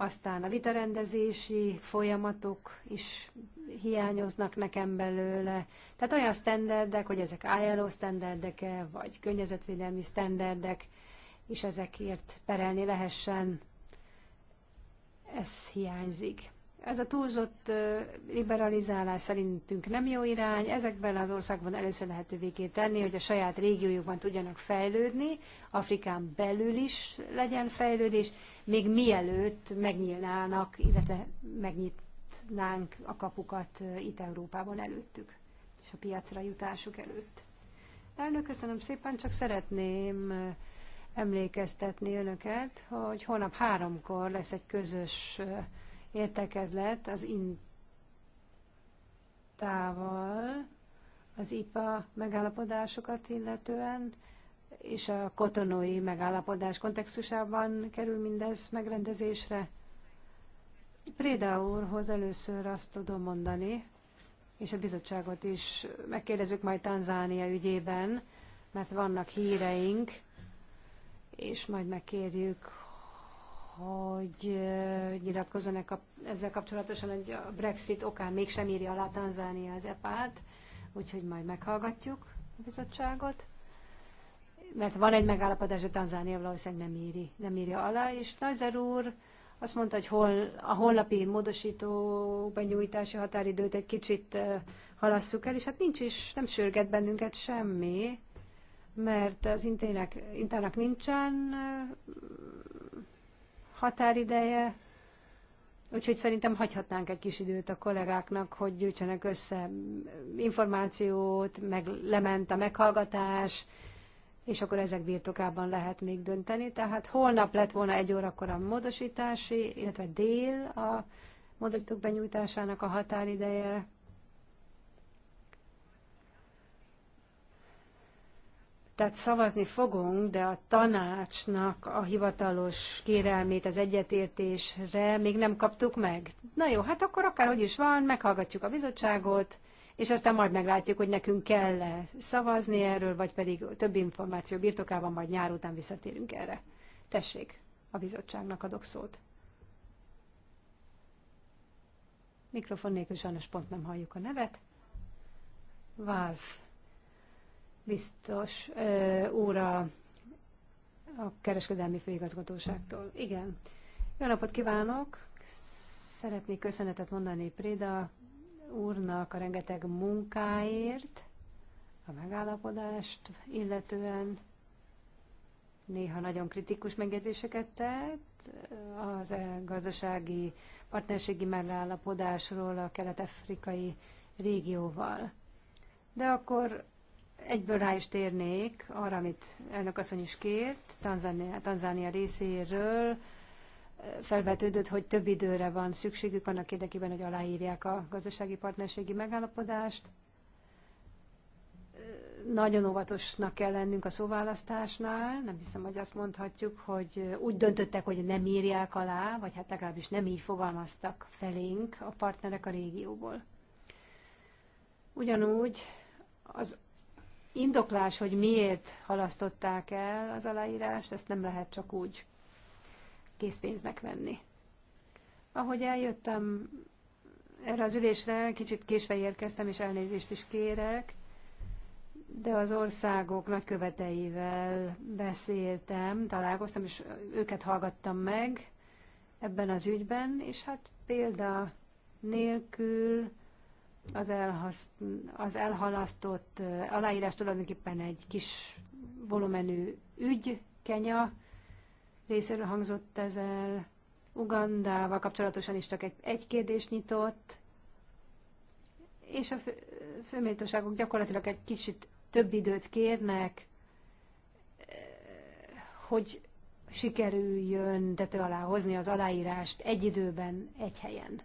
A: aztán a vitarendezési folyamatok is hiányoznak nekem belőle. Tehát olyan standardek, hogy ezek ILO standardek -e, vagy környezetvédelmi standardek, és ezekért perelni lehessen, ez hiányzik. Ez a túlzott liberalizálás szerintünk nem jó irány. Ezekben az országban először lehetővé kell tenni, hogy a saját régiójukban tudjanak fejlődni, Afrikán belül is legyen fejlődés, még mielőtt megnyílnának, illetve megnyitnánk a kapukat itt Európában előttük, és a piacra jutásuk előtt. Elnök, köszönöm szépen, csak szeretném emlékeztetni önöket, hogy holnap háromkor lesz egy közös értekezlet az Intával, az IPA megállapodásokat illetően, és a kotonói megállapodás kontextusában kerül mindez megrendezésre. Préda úrhoz először azt tudom mondani, és a bizottságot is megkérdezzük majd Tanzánia ügyében, mert vannak híreink, és majd megkérjük, hogy eh, nyilatkozzon ezzel kapcsolatosan, hogy a Brexit okán mégsem írja alá Tanzánia az EPA-t, úgyhogy majd meghallgatjuk a bizottságot. Mert van egy megállapodás, hogy Tanzánia valószínűleg nem, íri, nem írja alá, és Nazer úr azt mondta, hogy hol, a honlapi módosító benyújtási határidőt egy kicsit eh, halasszuk el, és hát nincs is, nem sürget bennünket semmi, mert az intének, intának nincsen eh, határideje, úgyhogy szerintem hagyhatnánk egy kis időt a kollégáknak, hogy gyűjtsenek össze információt, meg lement a meghallgatás, és akkor ezek birtokában lehet még dönteni. Tehát holnap lett volna egy órakor a módosítási, illetve dél a módosítók benyújtásának a határideje, Tehát szavazni fogunk, de a tanácsnak a hivatalos kérelmét az egyetértésre még nem kaptuk meg. Na jó, hát akkor akárhogy is van, meghallgatjuk a bizottságot, és aztán majd meglátjuk, hogy nekünk kell -e szavazni erről, vagy pedig több információ birtokában majd nyár után visszatérünk erre. Tessék, a bizottságnak adok szót. Mikrofon nélkül sajnos pont nem halljuk a nevet. Valve biztos óra a kereskedelmi főigazgatóságtól. Igen. Jó napot kívánok! Szeretnék köszönetet mondani Préda úrnak a rengeteg munkáért, a megállapodást illetően. Néha nagyon kritikus megjegyzéseket tett az e gazdasági partnerségi megállapodásról a kelet-afrikai régióval. De akkor Egyből rá is térnék arra, amit elnök asszony is kért, Tanzánia, Tanzánia részéről felvetődött, hogy több időre van szükségük annak érdekében, hogy aláírják a gazdasági partnerségi megállapodást. Nagyon óvatosnak kell lennünk a szóválasztásnál, nem hiszem, hogy azt mondhatjuk, hogy úgy döntöttek, hogy nem írják alá, vagy hát legalábbis nem így fogalmaztak felénk a partnerek a régióból. Ugyanúgy az indoklás, hogy miért halasztották el az aláírást, ezt nem lehet csak úgy készpénznek venni. Ahogy eljöttem erre az ülésre, kicsit késve érkeztem, és elnézést is kérek, de az országok nagyköveteivel beszéltem, találkoztam, és őket hallgattam meg ebben az ügyben, és hát példa nélkül az, elhasz, az elhalasztott aláírás tulajdonképpen egy kis volumenű ügy, Kenya részéről hangzott ez el, Ugandával kapcsolatosan is csak egy, egy kérdés nyitott, és a fő, főméltóságok gyakorlatilag egy kicsit több időt kérnek, hogy sikerüljön tető alá hozni az aláírást egy időben, egy helyen.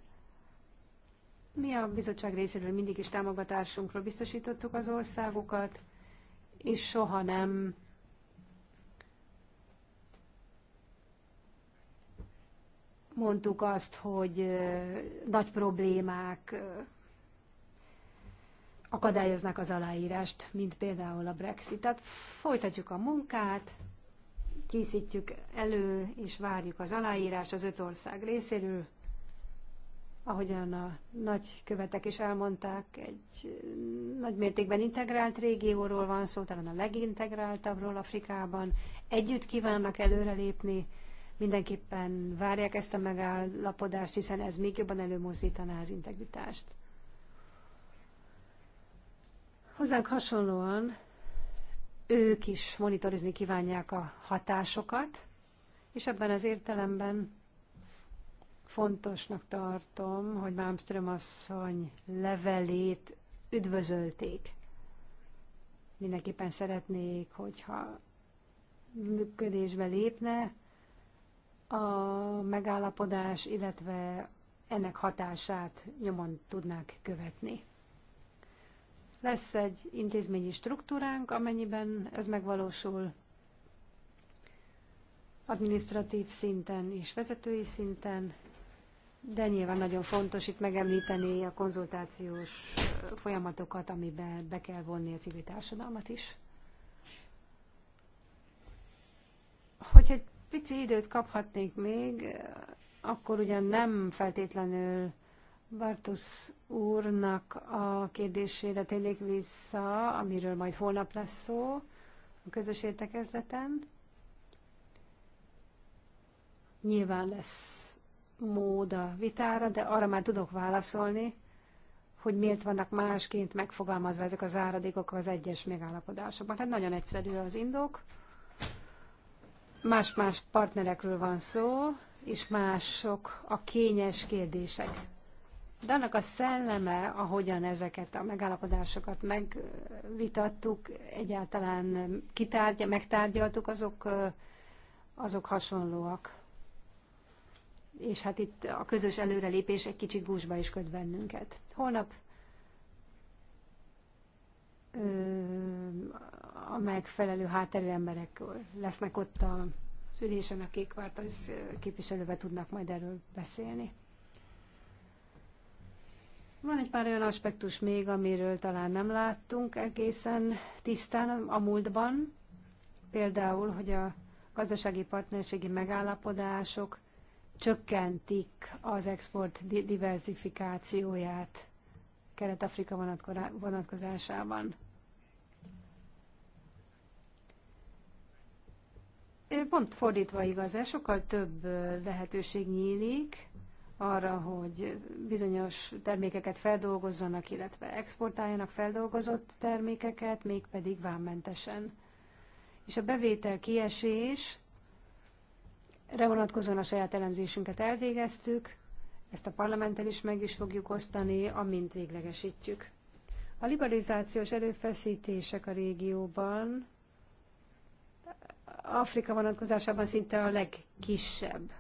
A: Mi a bizottság részéről mindig is támogatásunkról biztosítottuk az országokat, és soha nem mondtuk azt, hogy nagy problémák akadályoznak az aláírást, mint például a Brexit. Tehát folytatjuk a munkát, készítjük elő és várjuk az aláírás az öt ország részéről, ahogyan a nagy követek is elmondták, egy nagy mértékben integrált régióról van szó, talán a legintegráltabbról Afrikában. Együtt kívánnak előrelépni, mindenképpen várják ezt a megállapodást, hiszen ez még jobban előmozdítaná az integritást. Hozzánk hasonlóan ők is monitorizni kívánják a hatásokat, és ebben az értelemben Fontosnak tartom, hogy Malmström asszony levelét üdvözölték. Mindenképpen szeretnék, hogyha működésbe lépne a megállapodás, illetve ennek hatását nyomon tudnák követni. Lesz egy intézményi struktúránk, amennyiben ez megvalósul administratív szinten és vezetői szinten, de nyilván nagyon fontos itt megemlíteni a konzultációs folyamatokat, amiben be kell vonni a civil társadalmat is. Hogy egy pici időt kaphatnék még, akkor ugyan nem feltétlenül Bartusz úrnak a kérdésére tényleg vissza, amiről majd holnap lesz szó a közös értekezleten. Nyilván lesz mód a vitára, de arra már tudok válaszolni, hogy miért vannak másként megfogalmazva ezek az áradékok az egyes megállapodásokban. Hát nagyon egyszerű az indok. Más-más partnerekről van szó, és mások a kényes kérdések. De annak a szelleme, ahogyan ezeket a megállapodásokat megvitattuk, egyáltalán kitárgya, megtárgyaltuk, azok, azok hasonlóak és hát itt a közös előrelépés egy kicsit gúzsba is köt bennünket. Holnap a megfelelő hátterű emberek lesznek ott a szülésen, a kékvárt, az képviselővel tudnak majd erről beszélni. Van egy pár olyan aspektus még, amiről talán nem láttunk egészen tisztán a múltban. Például, hogy a gazdasági partnerségi megállapodások csökkentik az export diversifikációját Kelet-Afrika vonatkozásában. Pont fordítva igaz, ez, sokkal több lehetőség nyílik arra, hogy bizonyos termékeket feldolgozzanak, illetve exportáljanak feldolgozott termékeket, mégpedig vámmentesen. És a bevétel kiesés vonatkozóan a saját elemzésünket elvégeztük, ezt a parlamenttel is meg is fogjuk osztani, amint véglegesítjük. A liberalizációs erőfeszítések a régióban Afrika vonatkozásában szinte a legkisebb,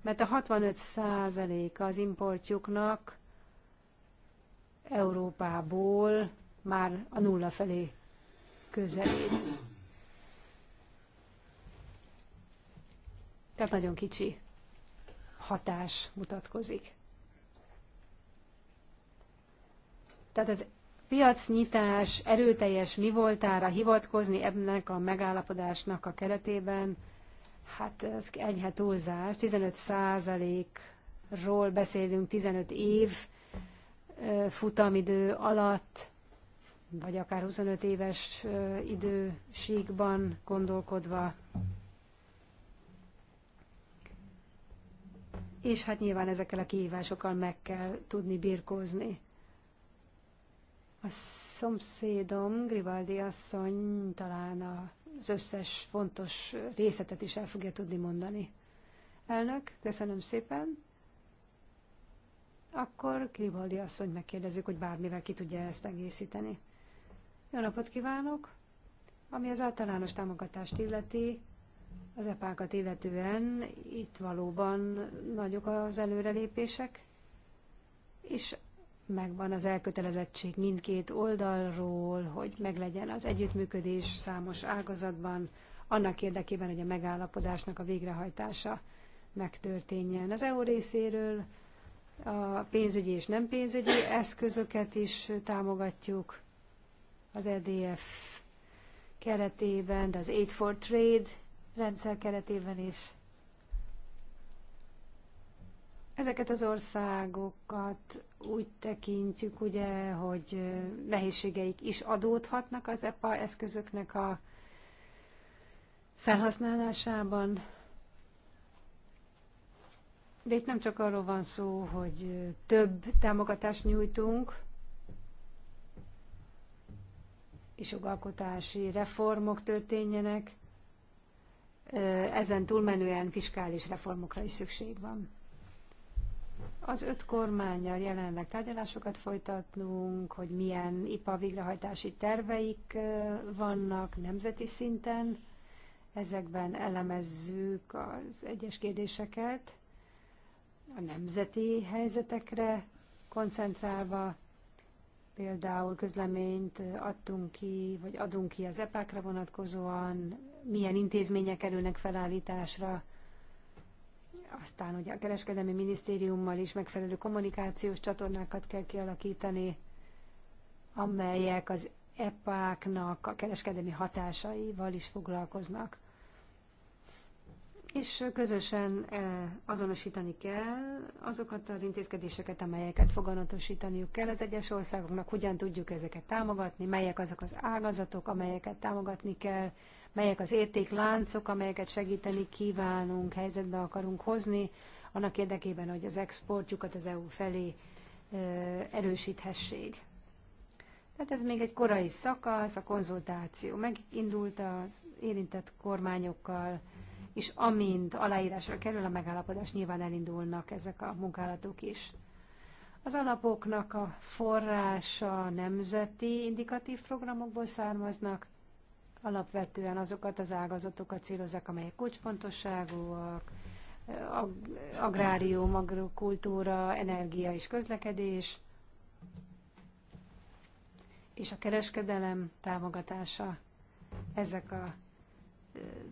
A: mert a 65 az importjuknak Európából már a nulla felé közelít. Tehát nagyon kicsi hatás mutatkozik. Tehát az piacnyitás erőteljes mi voltára hivatkozni ennek a megállapodásnak a keretében, hát ez enyhe túlzás, 15 százalékról beszélünk 15 év futamidő alatt, vagy akár 25 éves idősíkban gondolkodva. és hát nyilván ezekkel a kihívásokkal meg kell tudni birkózni. A szomszédom, Grivaldi asszony talán az összes fontos részletet is el fogja tudni mondani. Elnök, köszönöm szépen. Akkor Grivaldi asszony megkérdezzük, hogy bármivel ki tudja ezt egészíteni. Jó napot kívánok! Ami az általános támogatást illeti, az epákat illetően itt valóban nagyok az előrelépések, és megvan az elkötelezettség mindkét oldalról, hogy meglegyen az együttműködés számos ágazatban, annak érdekében, hogy a megállapodásnak a végrehajtása megtörténjen. Az EU részéről a pénzügyi és nem pénzügyi eszközöket is támogatjuk az EDF keretében, de az Aid for Trade rendszer keretében is. Ezeket az országokat úgy tekintjük, ugye, hogy nehézségeik is adódhatnak az EPA eszközöknek a felhasználásában. De itt nem csak arról van szó, hogy több támogatást nyújtunk, és jogalkotási reformok történjenek, ezen túlmenően fiskális reformokra is szükség van. Az öt kormányjal jelenleg tárgyalásokat folytatnunk, hogy milyen IPA végrehajtási terveik vannak nemzeti szinten. Ezekben elemezzük az egyes kérdéseket, a nemzeti helyzetekre koncentrálva, Például közleményt adtunk ki, vagy adunk ki az epákra vonatkozóan, milyen intézmények kerülnek felállításra, aztán ugye a kereskedelmi minisztériummal is megfelelő kommunikációs csatornákat kell kialakítani, amelyek az epáknak a kereskedelmi hatásaival is foglalkoznak és közösen eh, azonosítani kell azokat az intézkedéseket, amelyeket foganatosítaniuk kell az egyes országoknak, hogyan tudjuk ezeket támogatni, melyek azok az ágazatok, amelyeket támogatni kell, melyek az értékláncok, amelyeket segíteni kívánunk, helyzetbe akarunk hozni, annak érdekében, hogy az exportjukat az EU felé eh, erősíthessék. Tehát ez még egy korai szakasz, a konzultáció megindult az érintett kormányokkal, és amint aláírásra kerül a megállapodás, nyilván elindulnak ezek a munkálatok is. Az alapoknak a forrása nemzeti indikatív programokból származnak, alapvetően azokat az ágazatokat célozzák, amelyek kulcsfontosságúak, eh, agrárium, agrokultúra, energia és közlekedés, és a kereskedelem támogatása, ezek a eh,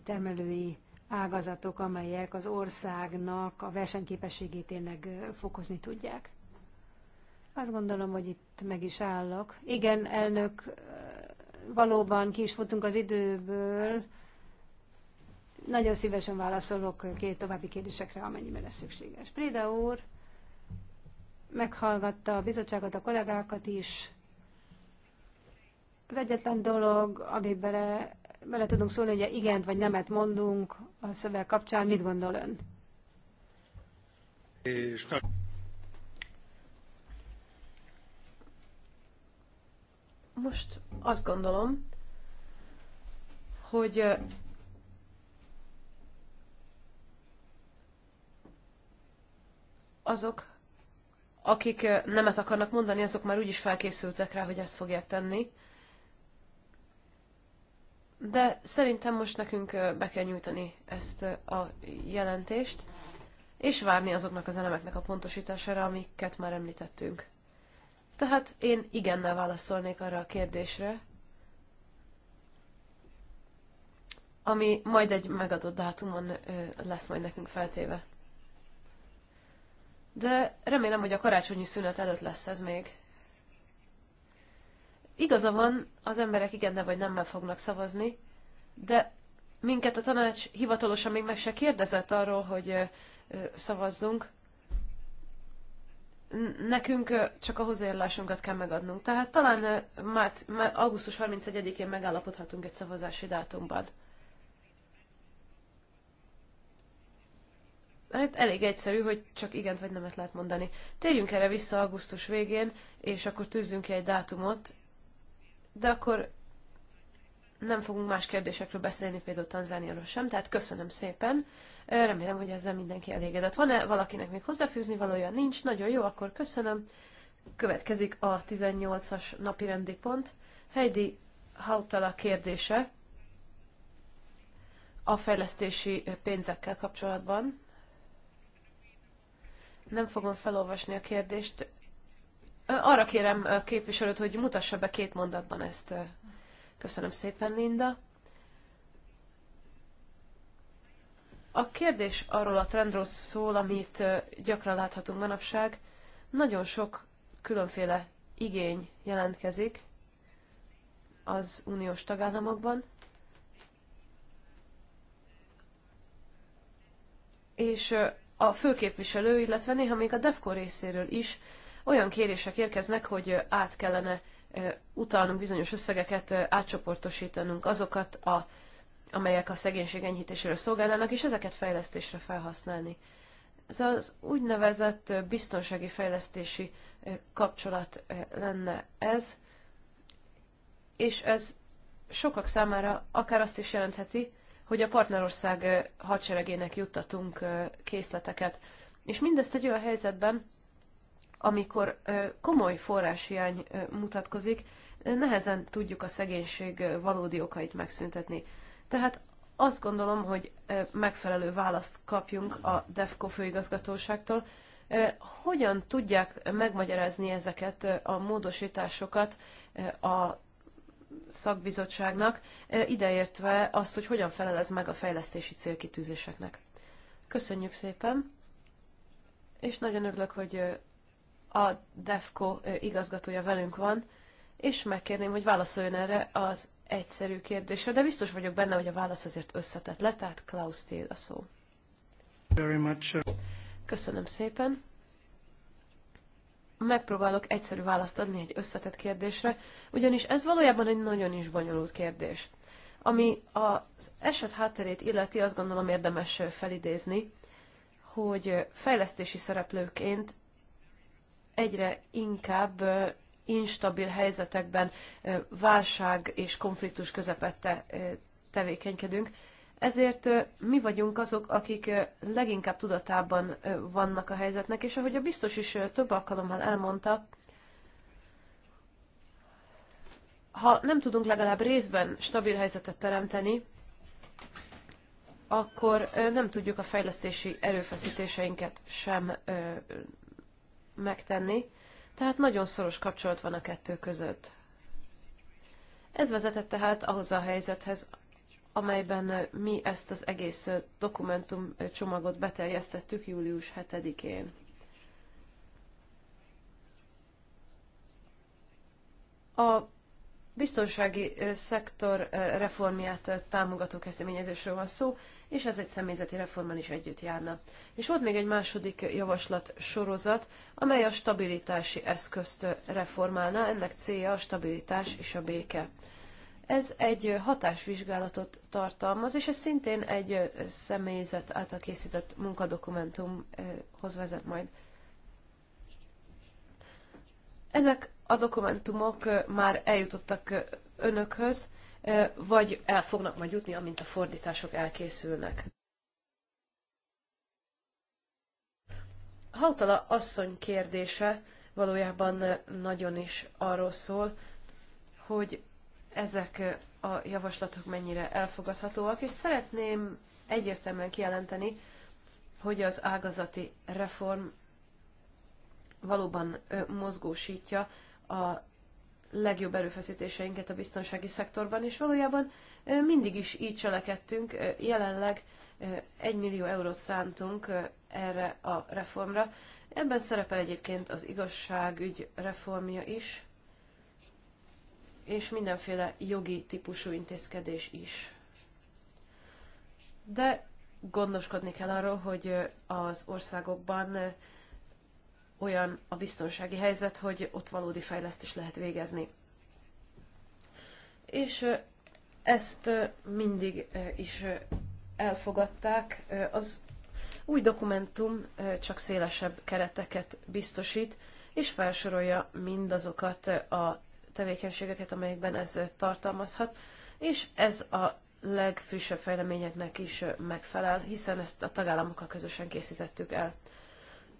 A: termelői ágazatok, amelyek az országnak a versenyképességét tényleg fokozni tudják. Azt gondolom, hogy itt meg is állok. Igen, elnök, valóban ki is futunk az időből. Nagyon szívesen válaszolok két további kérdésekre, amennyiben lesz szükséges. Préda úr meghallgatta a bizottságot, a kollégákat is. Az egyetlen dolog, amiben bele tudunk szólni, hogy igent vagy nemet mondunk a szöveg kapcsán. Mit gondol ön?
C: És...
B: Most azt gondolom, hogy azok, akik nemet akarnak mondani, azok már úgy is felkészültek rá, hogy ezt fogják tenni. De szerintem most nekünk be kell nyújtani ezt a jelentést, és várni azoknak az elemeknek a pontosítására, amiket már említettünk. Tehát én igennel válaszolnék arra a kérdésre, ami majd egy megadott dátumon lesz majd nekünk feltéve. De remélem, hogy a karácsonyi szünet előtt lesz ez még. Igaza van, az emberek igenne vagy nemmel fognak szavazni, de minket a tanács hivatalosan még meg se kérdezett arról, hogy szavazzunk. Nekünk csak a hozzájárulásunkat kell megadnunk. Tehát talán már augusztus 31-én megállapodhatunk egy szavazási dátumban. Hát elég egyszerű, hogy csak igent vagy nemet lehet mondani. Térjünk erre vissza augusztus végén, és akkor tűzzünk ki egy dátumot, de akkor nem fogunk más kérdésekről beszélni, például Tanzániáról sem, tehát köszönöm szépen. Remélem, hogy ezzel mindenki elégedett. Van-e valakinek még hozzáfűzni valója? Nincs, nagyon jó, akkor köszönöm. Következik a 18-as napi rendi pont. Heidi Hautala kérdése a fejlesztési pénzekkel kapcsolatban. Nem fogom felolvasni a kérdést, arra kérem a képviselőt, hogy mutassa be két mondatban ezt. Köszönöm szépen, Linda. A kérdés arról a trendről szól, amit gyakran láthatunk manapság. Nagyon sok különféle igény jelentkezik az uniós tagállamokban, és a főképviselő, illetve néha még a DEFCO részéről is olyan kérések érkeznek, hogy át kellene utalnunk bizonyos összegeket, átcsoportosítanunk azokat, a, amelyek a szegénység enyhítésére szolgálnának, és ezeket fejlesztésre felhasználni. Ez az úgynevezett biztonsági fejlesztési kapcsolat lenne ez, és ez sokak számára akár azt is jelentheti, hogy a partnerország hadseregének juttatunk készleteket. És mindezt egy olyan helyzetben, amikor komoly forráshiány mutatkozik, nehezen tudjuk a szegénység valódi okait megszüntetni. Tehát azt gondolom, hogy megfelelő választ kapjunk a DEFCO főigazgatóságtól. Hogyan tudják megmagyarázni ezeket a módosításokat a szakbizottságnak, ideértve azt, hogy hogyan felel ez meg a fejlesztési célkitűzéseknek? Köszönjük szépen, és nagyon örülök, hogy a DEFCO igazgatója velünk van, és megkérném, hogy válaszoljon erre az egyszerű kérdésre, de biztos vagyok benne, hogy a válasz azért összetett le, tehát Klaus tér a szó. Very much. Uh, Köszönöm szépen. Megpróbálok egyszerű választ adni egy összetett kérdésre, ugyanis ez valójában egy nagyon is bonyolult kérdés. Ami az eset hátterét illeti, azt gondolom érdemes felidézni, hogy fejlesztési szereplőként egyre inkább instabil helyzetekben, válság és konfliktus közepette tevékenykedünk. Ezért mi vagyunk azok, akik leginkább tudatában vannak a helyzetnek, és ahogy a biztos is több alkalommal elmondta, ha nem tudunk legalább részben stabil helyzetet teremteni, akkor nem tudjuk a fejlesztési erőfeszítéseinket sem megtenni, tehát nagyon szoros kapcsolat van a kettő között. Ez vezetett tehát ahhoz a helyzethez, amelyben mi ezt az egész dokumentum csomagot beterjesztettük július 7-én. A biztonsági szektor reformját támogató kezdeményezésről van szó, és ez egy személyzeti reformmal is együtt járna. És volt még egy második javaslat sorozat, amely a stabilitási eszközt reformálna, ennek célja a stabilitás és a béke. Ez egy hatásvizsgálatot tartalmaz, és ez szintén egy személyzet által készített munkadokumentumhoz vezet majd. Ezek a dokumentumok már eljutottak önökhöz, vagy el fognak majd jutni, amint a fordítások elkészülnek. Hautala asszony kérdése valójában nagyon is arról szól, hogy ezek a javaslatok mennyire elfogadhatóak, és szeretném egyértelműen kijelenteni, hogy az ágazati reform valóban mozgósítja a legjobb erőfeszítéseinket a biztonsági szektorban, és valójában mindig is így cselekedtünk. Jelenleg 1 millió eurót szántunk erre a reformra. Ebben szerepel egyébként az igazságügy reformja is, és mindenféle jogi típusú intézkedés is. De gondoskodni kell arról, hogy az országokban olyan a biztonsági helyzet, hogy ott valódi fejlesztést lehet végezni. És ezt mindig is elfogadták. Az új dokumentum csak szélesebb kereteket biztosít, és felsorolja mindazokat a tevékenységeket, amelyekben ez tartalmazhat, és ez a legfrissebb fejleményeknek is megfelel, hiszen ezt a tagállamokkal közösen készítettük el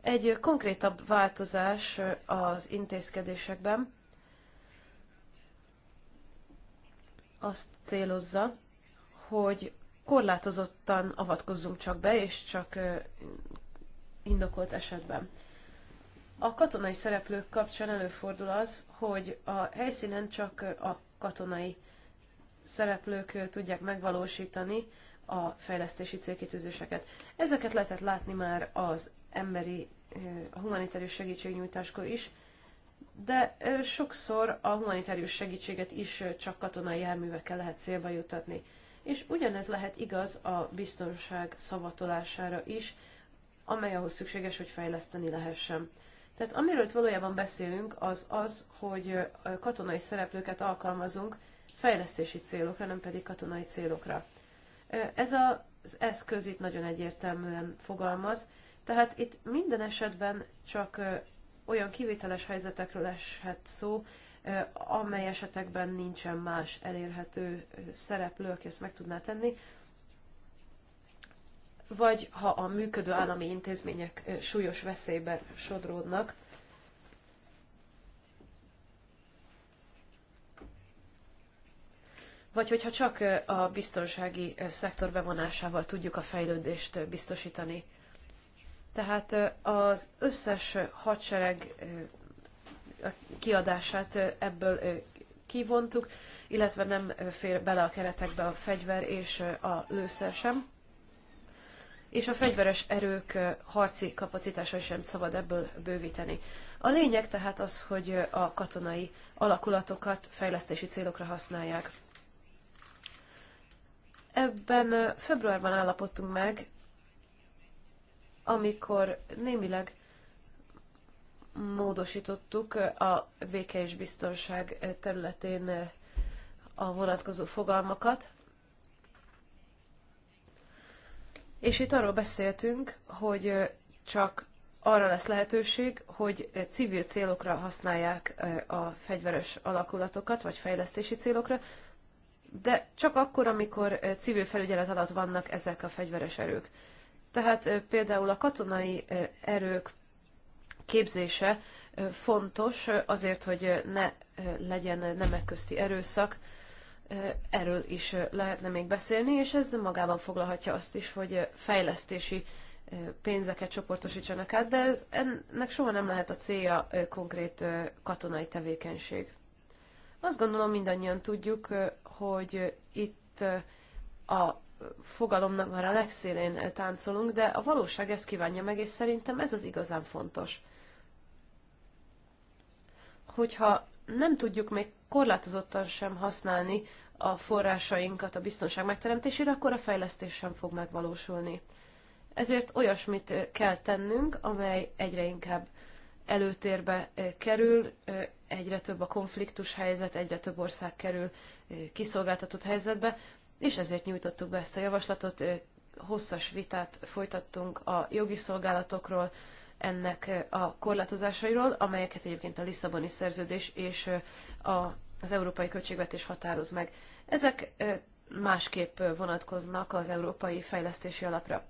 B: egy konkrétabb változás az intézkedésekben azt célozza, hogy korlátozottan avatkozzunk csak be, és csak indokolt esetben. A katonai szereplők kapcsán előfordul az, hogy a helyszínen csak a katonai szereplők tudják megvalósítani a fejlesztési célkitűzéseket. Ezeket lehetett látni már az emberi, a humanitárius segítségnyújtáskor is, de sokszor a humanitárius segítséget is csak katonai járművekkel lehet célba juttatni. És ugyanez lehet igaz a biztonság szavatolására is, amely ahhoz szükséges, hogy fejleszteni lehessen. Tehát amiről valójában beszélünk, az az, hogy katonai szereplőket alkalmazunk fejlesztési célokra, nem pedig katonai célokra. Ez az eszköz itt nagyon egyértelműen fogalmaz, tehát itt minden esetben csak olyan kivételes helyzetekről eshet szó, amely esetekben nincsen más elérhető szereplő, aki ezt meg tudná tenni, vagy ha a működő állami intézmények súlyos veszélybe sodródnak. Vagy hogyha csak a biztonsági szektor bevonásával tudjuk a fejlődést biztosítani. Tehát az összes hadsereg kiadását ebből kivontuk, illetve nem fér bele a keretekbe a fegyver és a lőszer sem. És a fegyveres erők harci kapacitása sem szabad ebből bővíteni. A lényeg tehát az, hogy a katonai alakulatokat fejlesztési célokra használják. Ebben februárban állapodtunk meg amikor némileg módosítottuk a béke és biztonság területén a vonatkozó fogalmakat. És itt arról beszéltünk, hogy csak arra lesz lehetőség, hogy civil célokra használják a fegyveres alakulatokat, vagy fejlesztési célokra, de csak akkor, amikor civil felügyelet alatt vannak ezek a fegyveres erők. Tehát például a katonai erők képzése fontos azért, hogy ne legyen nemek közti erőszak. Erről is lehetne még beszélni, és ez magában foglalhatja azt is, hogy fejlesztési pénzeket csoportosítsanak át, de ez, ennek soha nem lehet a célja konkrét katonai tevékenység. Azt gondolom mindannyian tudjuk, hogy itt a fogalomnak már a legszélén eh, táncolunk, de a valóság ezt kívánja meg, és szerintem ez az igazán fontos. Hogyha nem tudjuk még korlátozottan sem használni a forrásainkat a biztonság megteremtésére, akkor a fejlesztés sem fog megvalósulni. Ezért olyasmit eh, kell tennünk, amely egyre inkább előtérbe eh, kerül, egyre több a konfliktus helyzet, egyre több ország kerül kiszolgáltatott helyzetbe, és ezért nyújtottuk be ezt a javaslatot. Hosszas vitát folytattunk a jogi szolgálatokról, ennek a korlátozásairól, amelyeket egyébként a Lisszaboni szerződés és az európai költségvetés határoz meg. Ezek másképp vonatkoznak az európai fejlesztési alapra.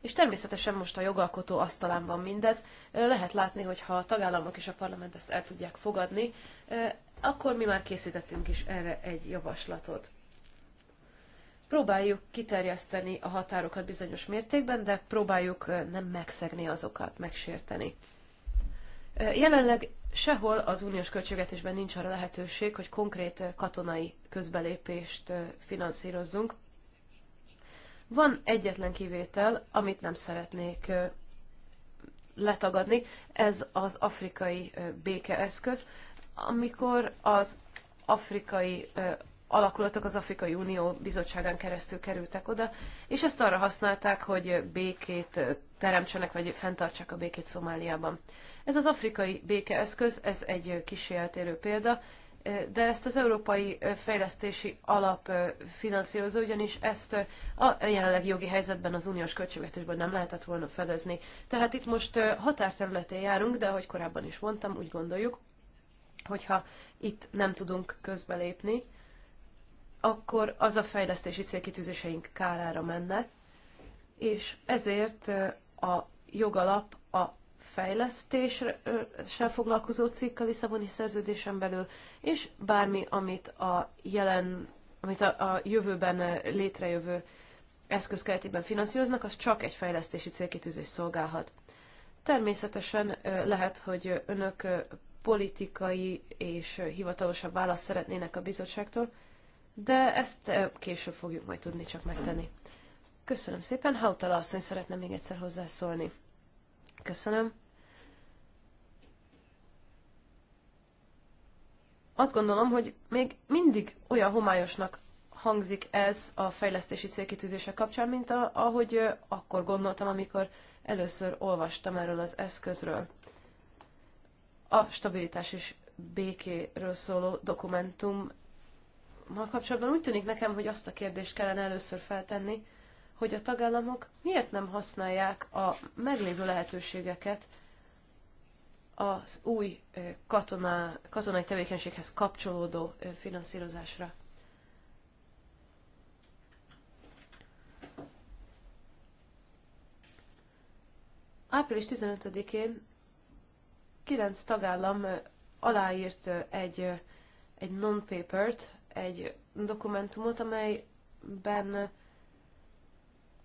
B: És természetesen most a jogalkotó asztalán van mindez. Lehet látni, hogy ha a tagállamok és a parlament ezt el tudják fogadni, akkor mi már készítettünk is erre egy javaslatot. Próbáljuk kiterjeszteni a határokat bizonyos mértékben, de próbáljuk nem megszegni azokat, megsérteni. Jelenleg sehol az uniós költségvetésben nincs arra lehetőség, hogy konkrét katonai közbelépést finanszírozzunk. Van egyetlen kivétel, amit nem szeretnék letagadni, ez az afrikai békeeszköz, amikor az afrikai alakulatok az Afrikai Unió bizottságán keresztül kerültek oda, és ezt arra használták, hogy békét teremtsenek, vagy fenntartsák a békét Szomáliában. Ez az afrikai békeeszköz, ez egy kis eltérő példa, de ezt az Európai Fejlesztési Alap finanszírozó, ugyanis ezt a jelenleg jogi helyzetben az uniós költségvetésben nem lehetett volna fedezni. Tehát itt most határterületén járunk, de ahogy korábban is mondtam, úgy gondoljuk, hogyha itt nem tudunk közbelépni, akkor az a fejlesztési célkitűzéseink kárára menne, és ezért a jogalap a fejlesztéssel foglalkozó cikk a Lisszaboni szerződésen belül, és bármi, amit a jelen, amit a, a jövőben létrejövő eszközkeretében finanszíroznak, az csak egy fejlesztési célkitűzés szolgálhat. Természetesen lehet, hogy önök politikai és hivatalosabb választ szeretnének a bizottságtól, de ezt eh, később fogjuk majd tudni csak megtenni. Köszönöm szépen, Hautala asszony szeretne még egyszer hozzászólni. Köszönöm. Azt gondolom, hogy még mindig olyan homályosnak hangzik ez a fejlesztési célkitűzése kapcsán, mint a, ahogy eh, akkor gondoltam, amikor először olvastam erről az eszközről. A stabilitás és békéről szóló dokumentum ma kapcsolatban úgy tűnik nekem, hogy azt a kérdést kellene először feltenni, hogy a tagállamok miért nem használják a meglévő lehetőségeket az új katona, katonai tevékenységhez kapcsolódó finanszírozásra. Április 15-én kilenc tagállam aláírt egy, egy non-papert egy dokumentumot, amelyben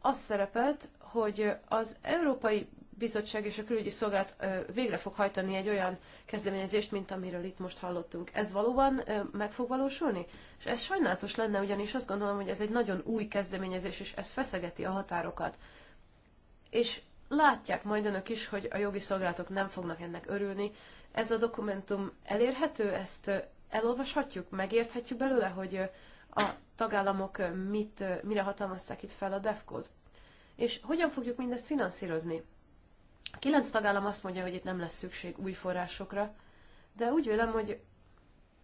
B: az szerepelt, hogy az Európai Bizottság és a Külügyi Szolgált végre fog hajtani egy olyan kezdeményezést, mint amiről itt most hallottunk. Ez valóban meg fog valósulni? És ez sajnálatos lenne, ugyanis azt gondolom, hogy ez egy nagyon új kezdeményezés, és ez feszegeti a határokat. És látják majd önök is, hogy a jogi szolgálatok nem fognak ennek örülni. Ez a dokumentum elérhető, ezt elolvashatjuk, megérthetjük belőle, hogy a tagállamok mit, mire hatalmazták itt fel a DEFCO-t. És hogyan fogjuk mindezt finanszírozni? A kilenc tagállam azt mondja, hogy itt nem lesz szükség új forrásokra, de úgy vélem, hogy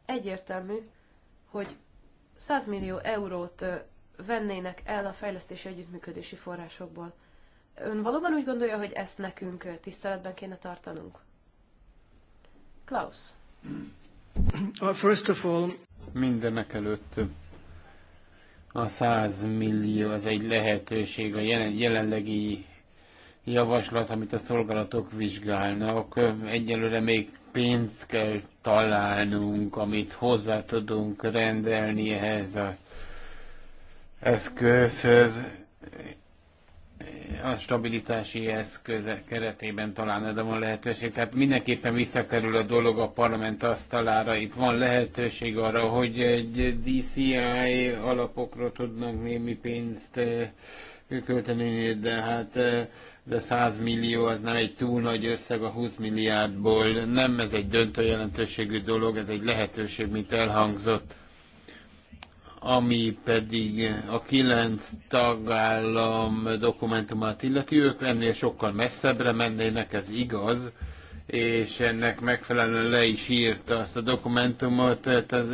B: egyértelmű, hogy 100 millió eurót vennének el a fejlesztési együttműködési forrásokból. Ön valóban úgy gondolja, hogy ezt nekünk tiszteletben kéne tartanunk? Klaus.
C: Mindenek előtt a 100 millió az egy lehetőség, a jelenlegi javaslat, amit a szolgálatok vizsgálnak. Egyelőre még pénzt kell találnunk, amit hozzá tudunk rendelni ehhez az eszközhöz, a stabilitási eszköz keretében talán de van lehetőség. Tehát mindenképpen visszakerül a dolog a parlament asztalára. Itt van lehetőség arra, hogy egy DCI alapokra tudnak némi pénzt eh, költeni, de hát eh, de 100 millió az nem egy túl nagy összeg a 20 milliárdból. Nem ez egy döntő jelentőségű dolog, ez egy lehetőség, mint elhangzott ami pedig a kilenc tagállam dokumentumát illeti, ők ennél sokkal messzebbre mennének, ez igaz, és ennek megfelelően le is írta azt a dokumentumot, tehát az,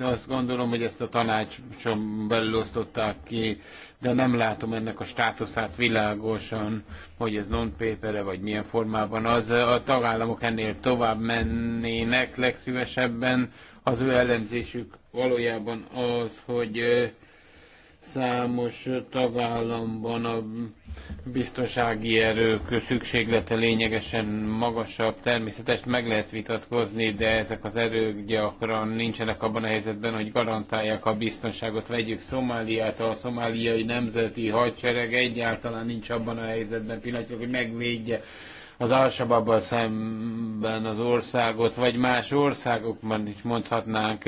C: azt gondolom, hogy ezt a tanácson belül osztották ki, de nem látom ennek a státuszát világosan, hogy ez non papere vagy milyen formában az. A tagállamok ennél tovább mennének legszívesebben, az ő elemzésük valójában az, hogy számos tagállamban a biztonsági erők szükséglete lényegesen magasabb. Természetesen meg lehet vitatkozni, de ezek az erők gyakran nincsenek abban a helyzetben, hogy garantálják a biztonságot. Vegyük Szomáliát, a szomáliai nemzeti hadsereg egyáltalán nincs abban a helyzetben pillanatilag, hogy megvédje az Alsababbal szemben az országot, vagy más országokban is mondhatnánk,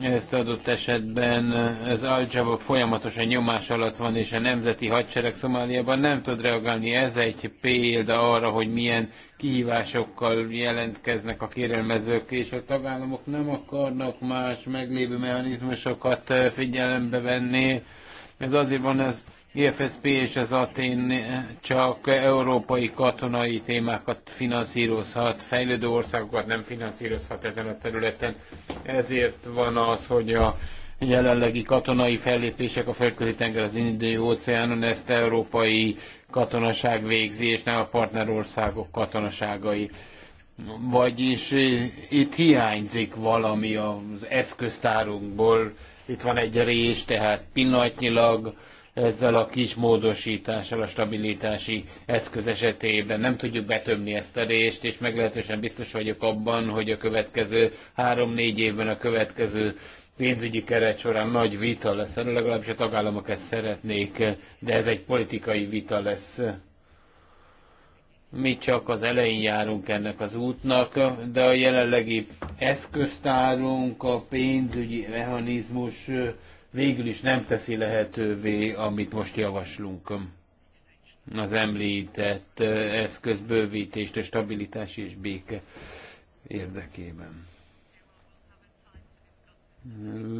C: ezt adott esetben az al folyamatosan nyomás alatt van, és a nemzeti hadsereg Szomáliában nem tud reagálni. Ez egy példa arra, hogy milyen kihívásokkal jelentkeznek a kérelmezők, és a tagállamok nem akarnak más meglévő mechanizmusokat figyelembe venni. Ez azért van, ez IFSP és az Atén eh, csak európai katonai témákat finanszírozhat, fejlődő országokat nem finanszírozhat ezen a területen. Ezért van az, hogy a jelenlegi katonai fellépések a földközi tenger az Indiai óceánon ezt európai katonaság végzi, és nem a partnerországok katonaságai. Vagyis eh, itt hiányzik valami az eszköztárunkból, itt van egy rés, tehát pillanatnyilag ezzel a kis módosítással a stabilitási eszköz esetében. Nem tudjuk betömni ezt a részt, és meglehetősen biztos vagyok abban, hogy a következő három-négy évben a következő pénzügyi keret során nagy vita lesz erről, legalábbis a tagállamok ezt szeretnék, de ez egy politikai vita lesz. Mi csak az elején járunk ennek az útnak, de a jelenlegi eszköztárunk, a pénzügyi mechanizmus végül is nem teszi lehetővé, amit most javaslunk az említett bővítést a stabilitás és béke érdekében.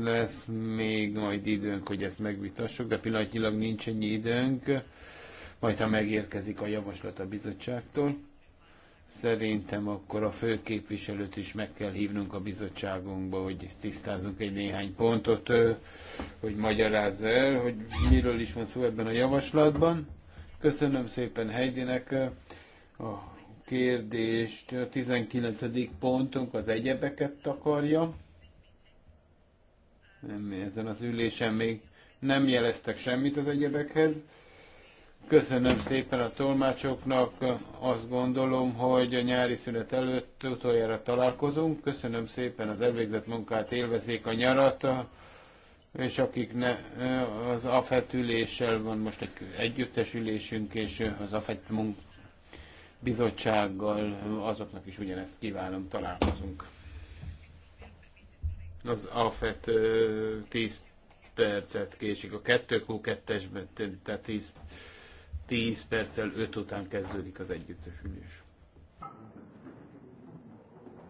C: Lesz még majd időnk, hogy ezt megvitassuk, de pillanatnyilag nincs ennyi időnk, majd ha megérkezik a javaslat a bizottságtól. Szerintem akkor a főképviselőt is meg kell hívnunk a bizottságunkba, hogy tisztázunk egy néhány pontot, hogy magyarázz el, hogy miről is van szó ebben a javaslatban. Köszönöm szépen Heidinek a kérdést. A 19. pontunk az egyebeket takarja. Nem, ezen az ülésen még nem jeleztek semmit az egyebekhez. Köszönöm szépen a tolmácsoknak. Azt gondolom, hogy a nyári szünet előtt utoljára találkozunk. Köszönöm szépen az elvégzett munkát, élvezék a nyarat, és akik ne, az AFET üléssel van most egy együttes ülésünk, és az AFET munk bizottsággal, azoknak is ugyanezt kívánom, találkozunk. Az AFET 10 percet késik a 2Q2-esben, tehát 10 10 perccel 5 után kezdődik az együttesülés.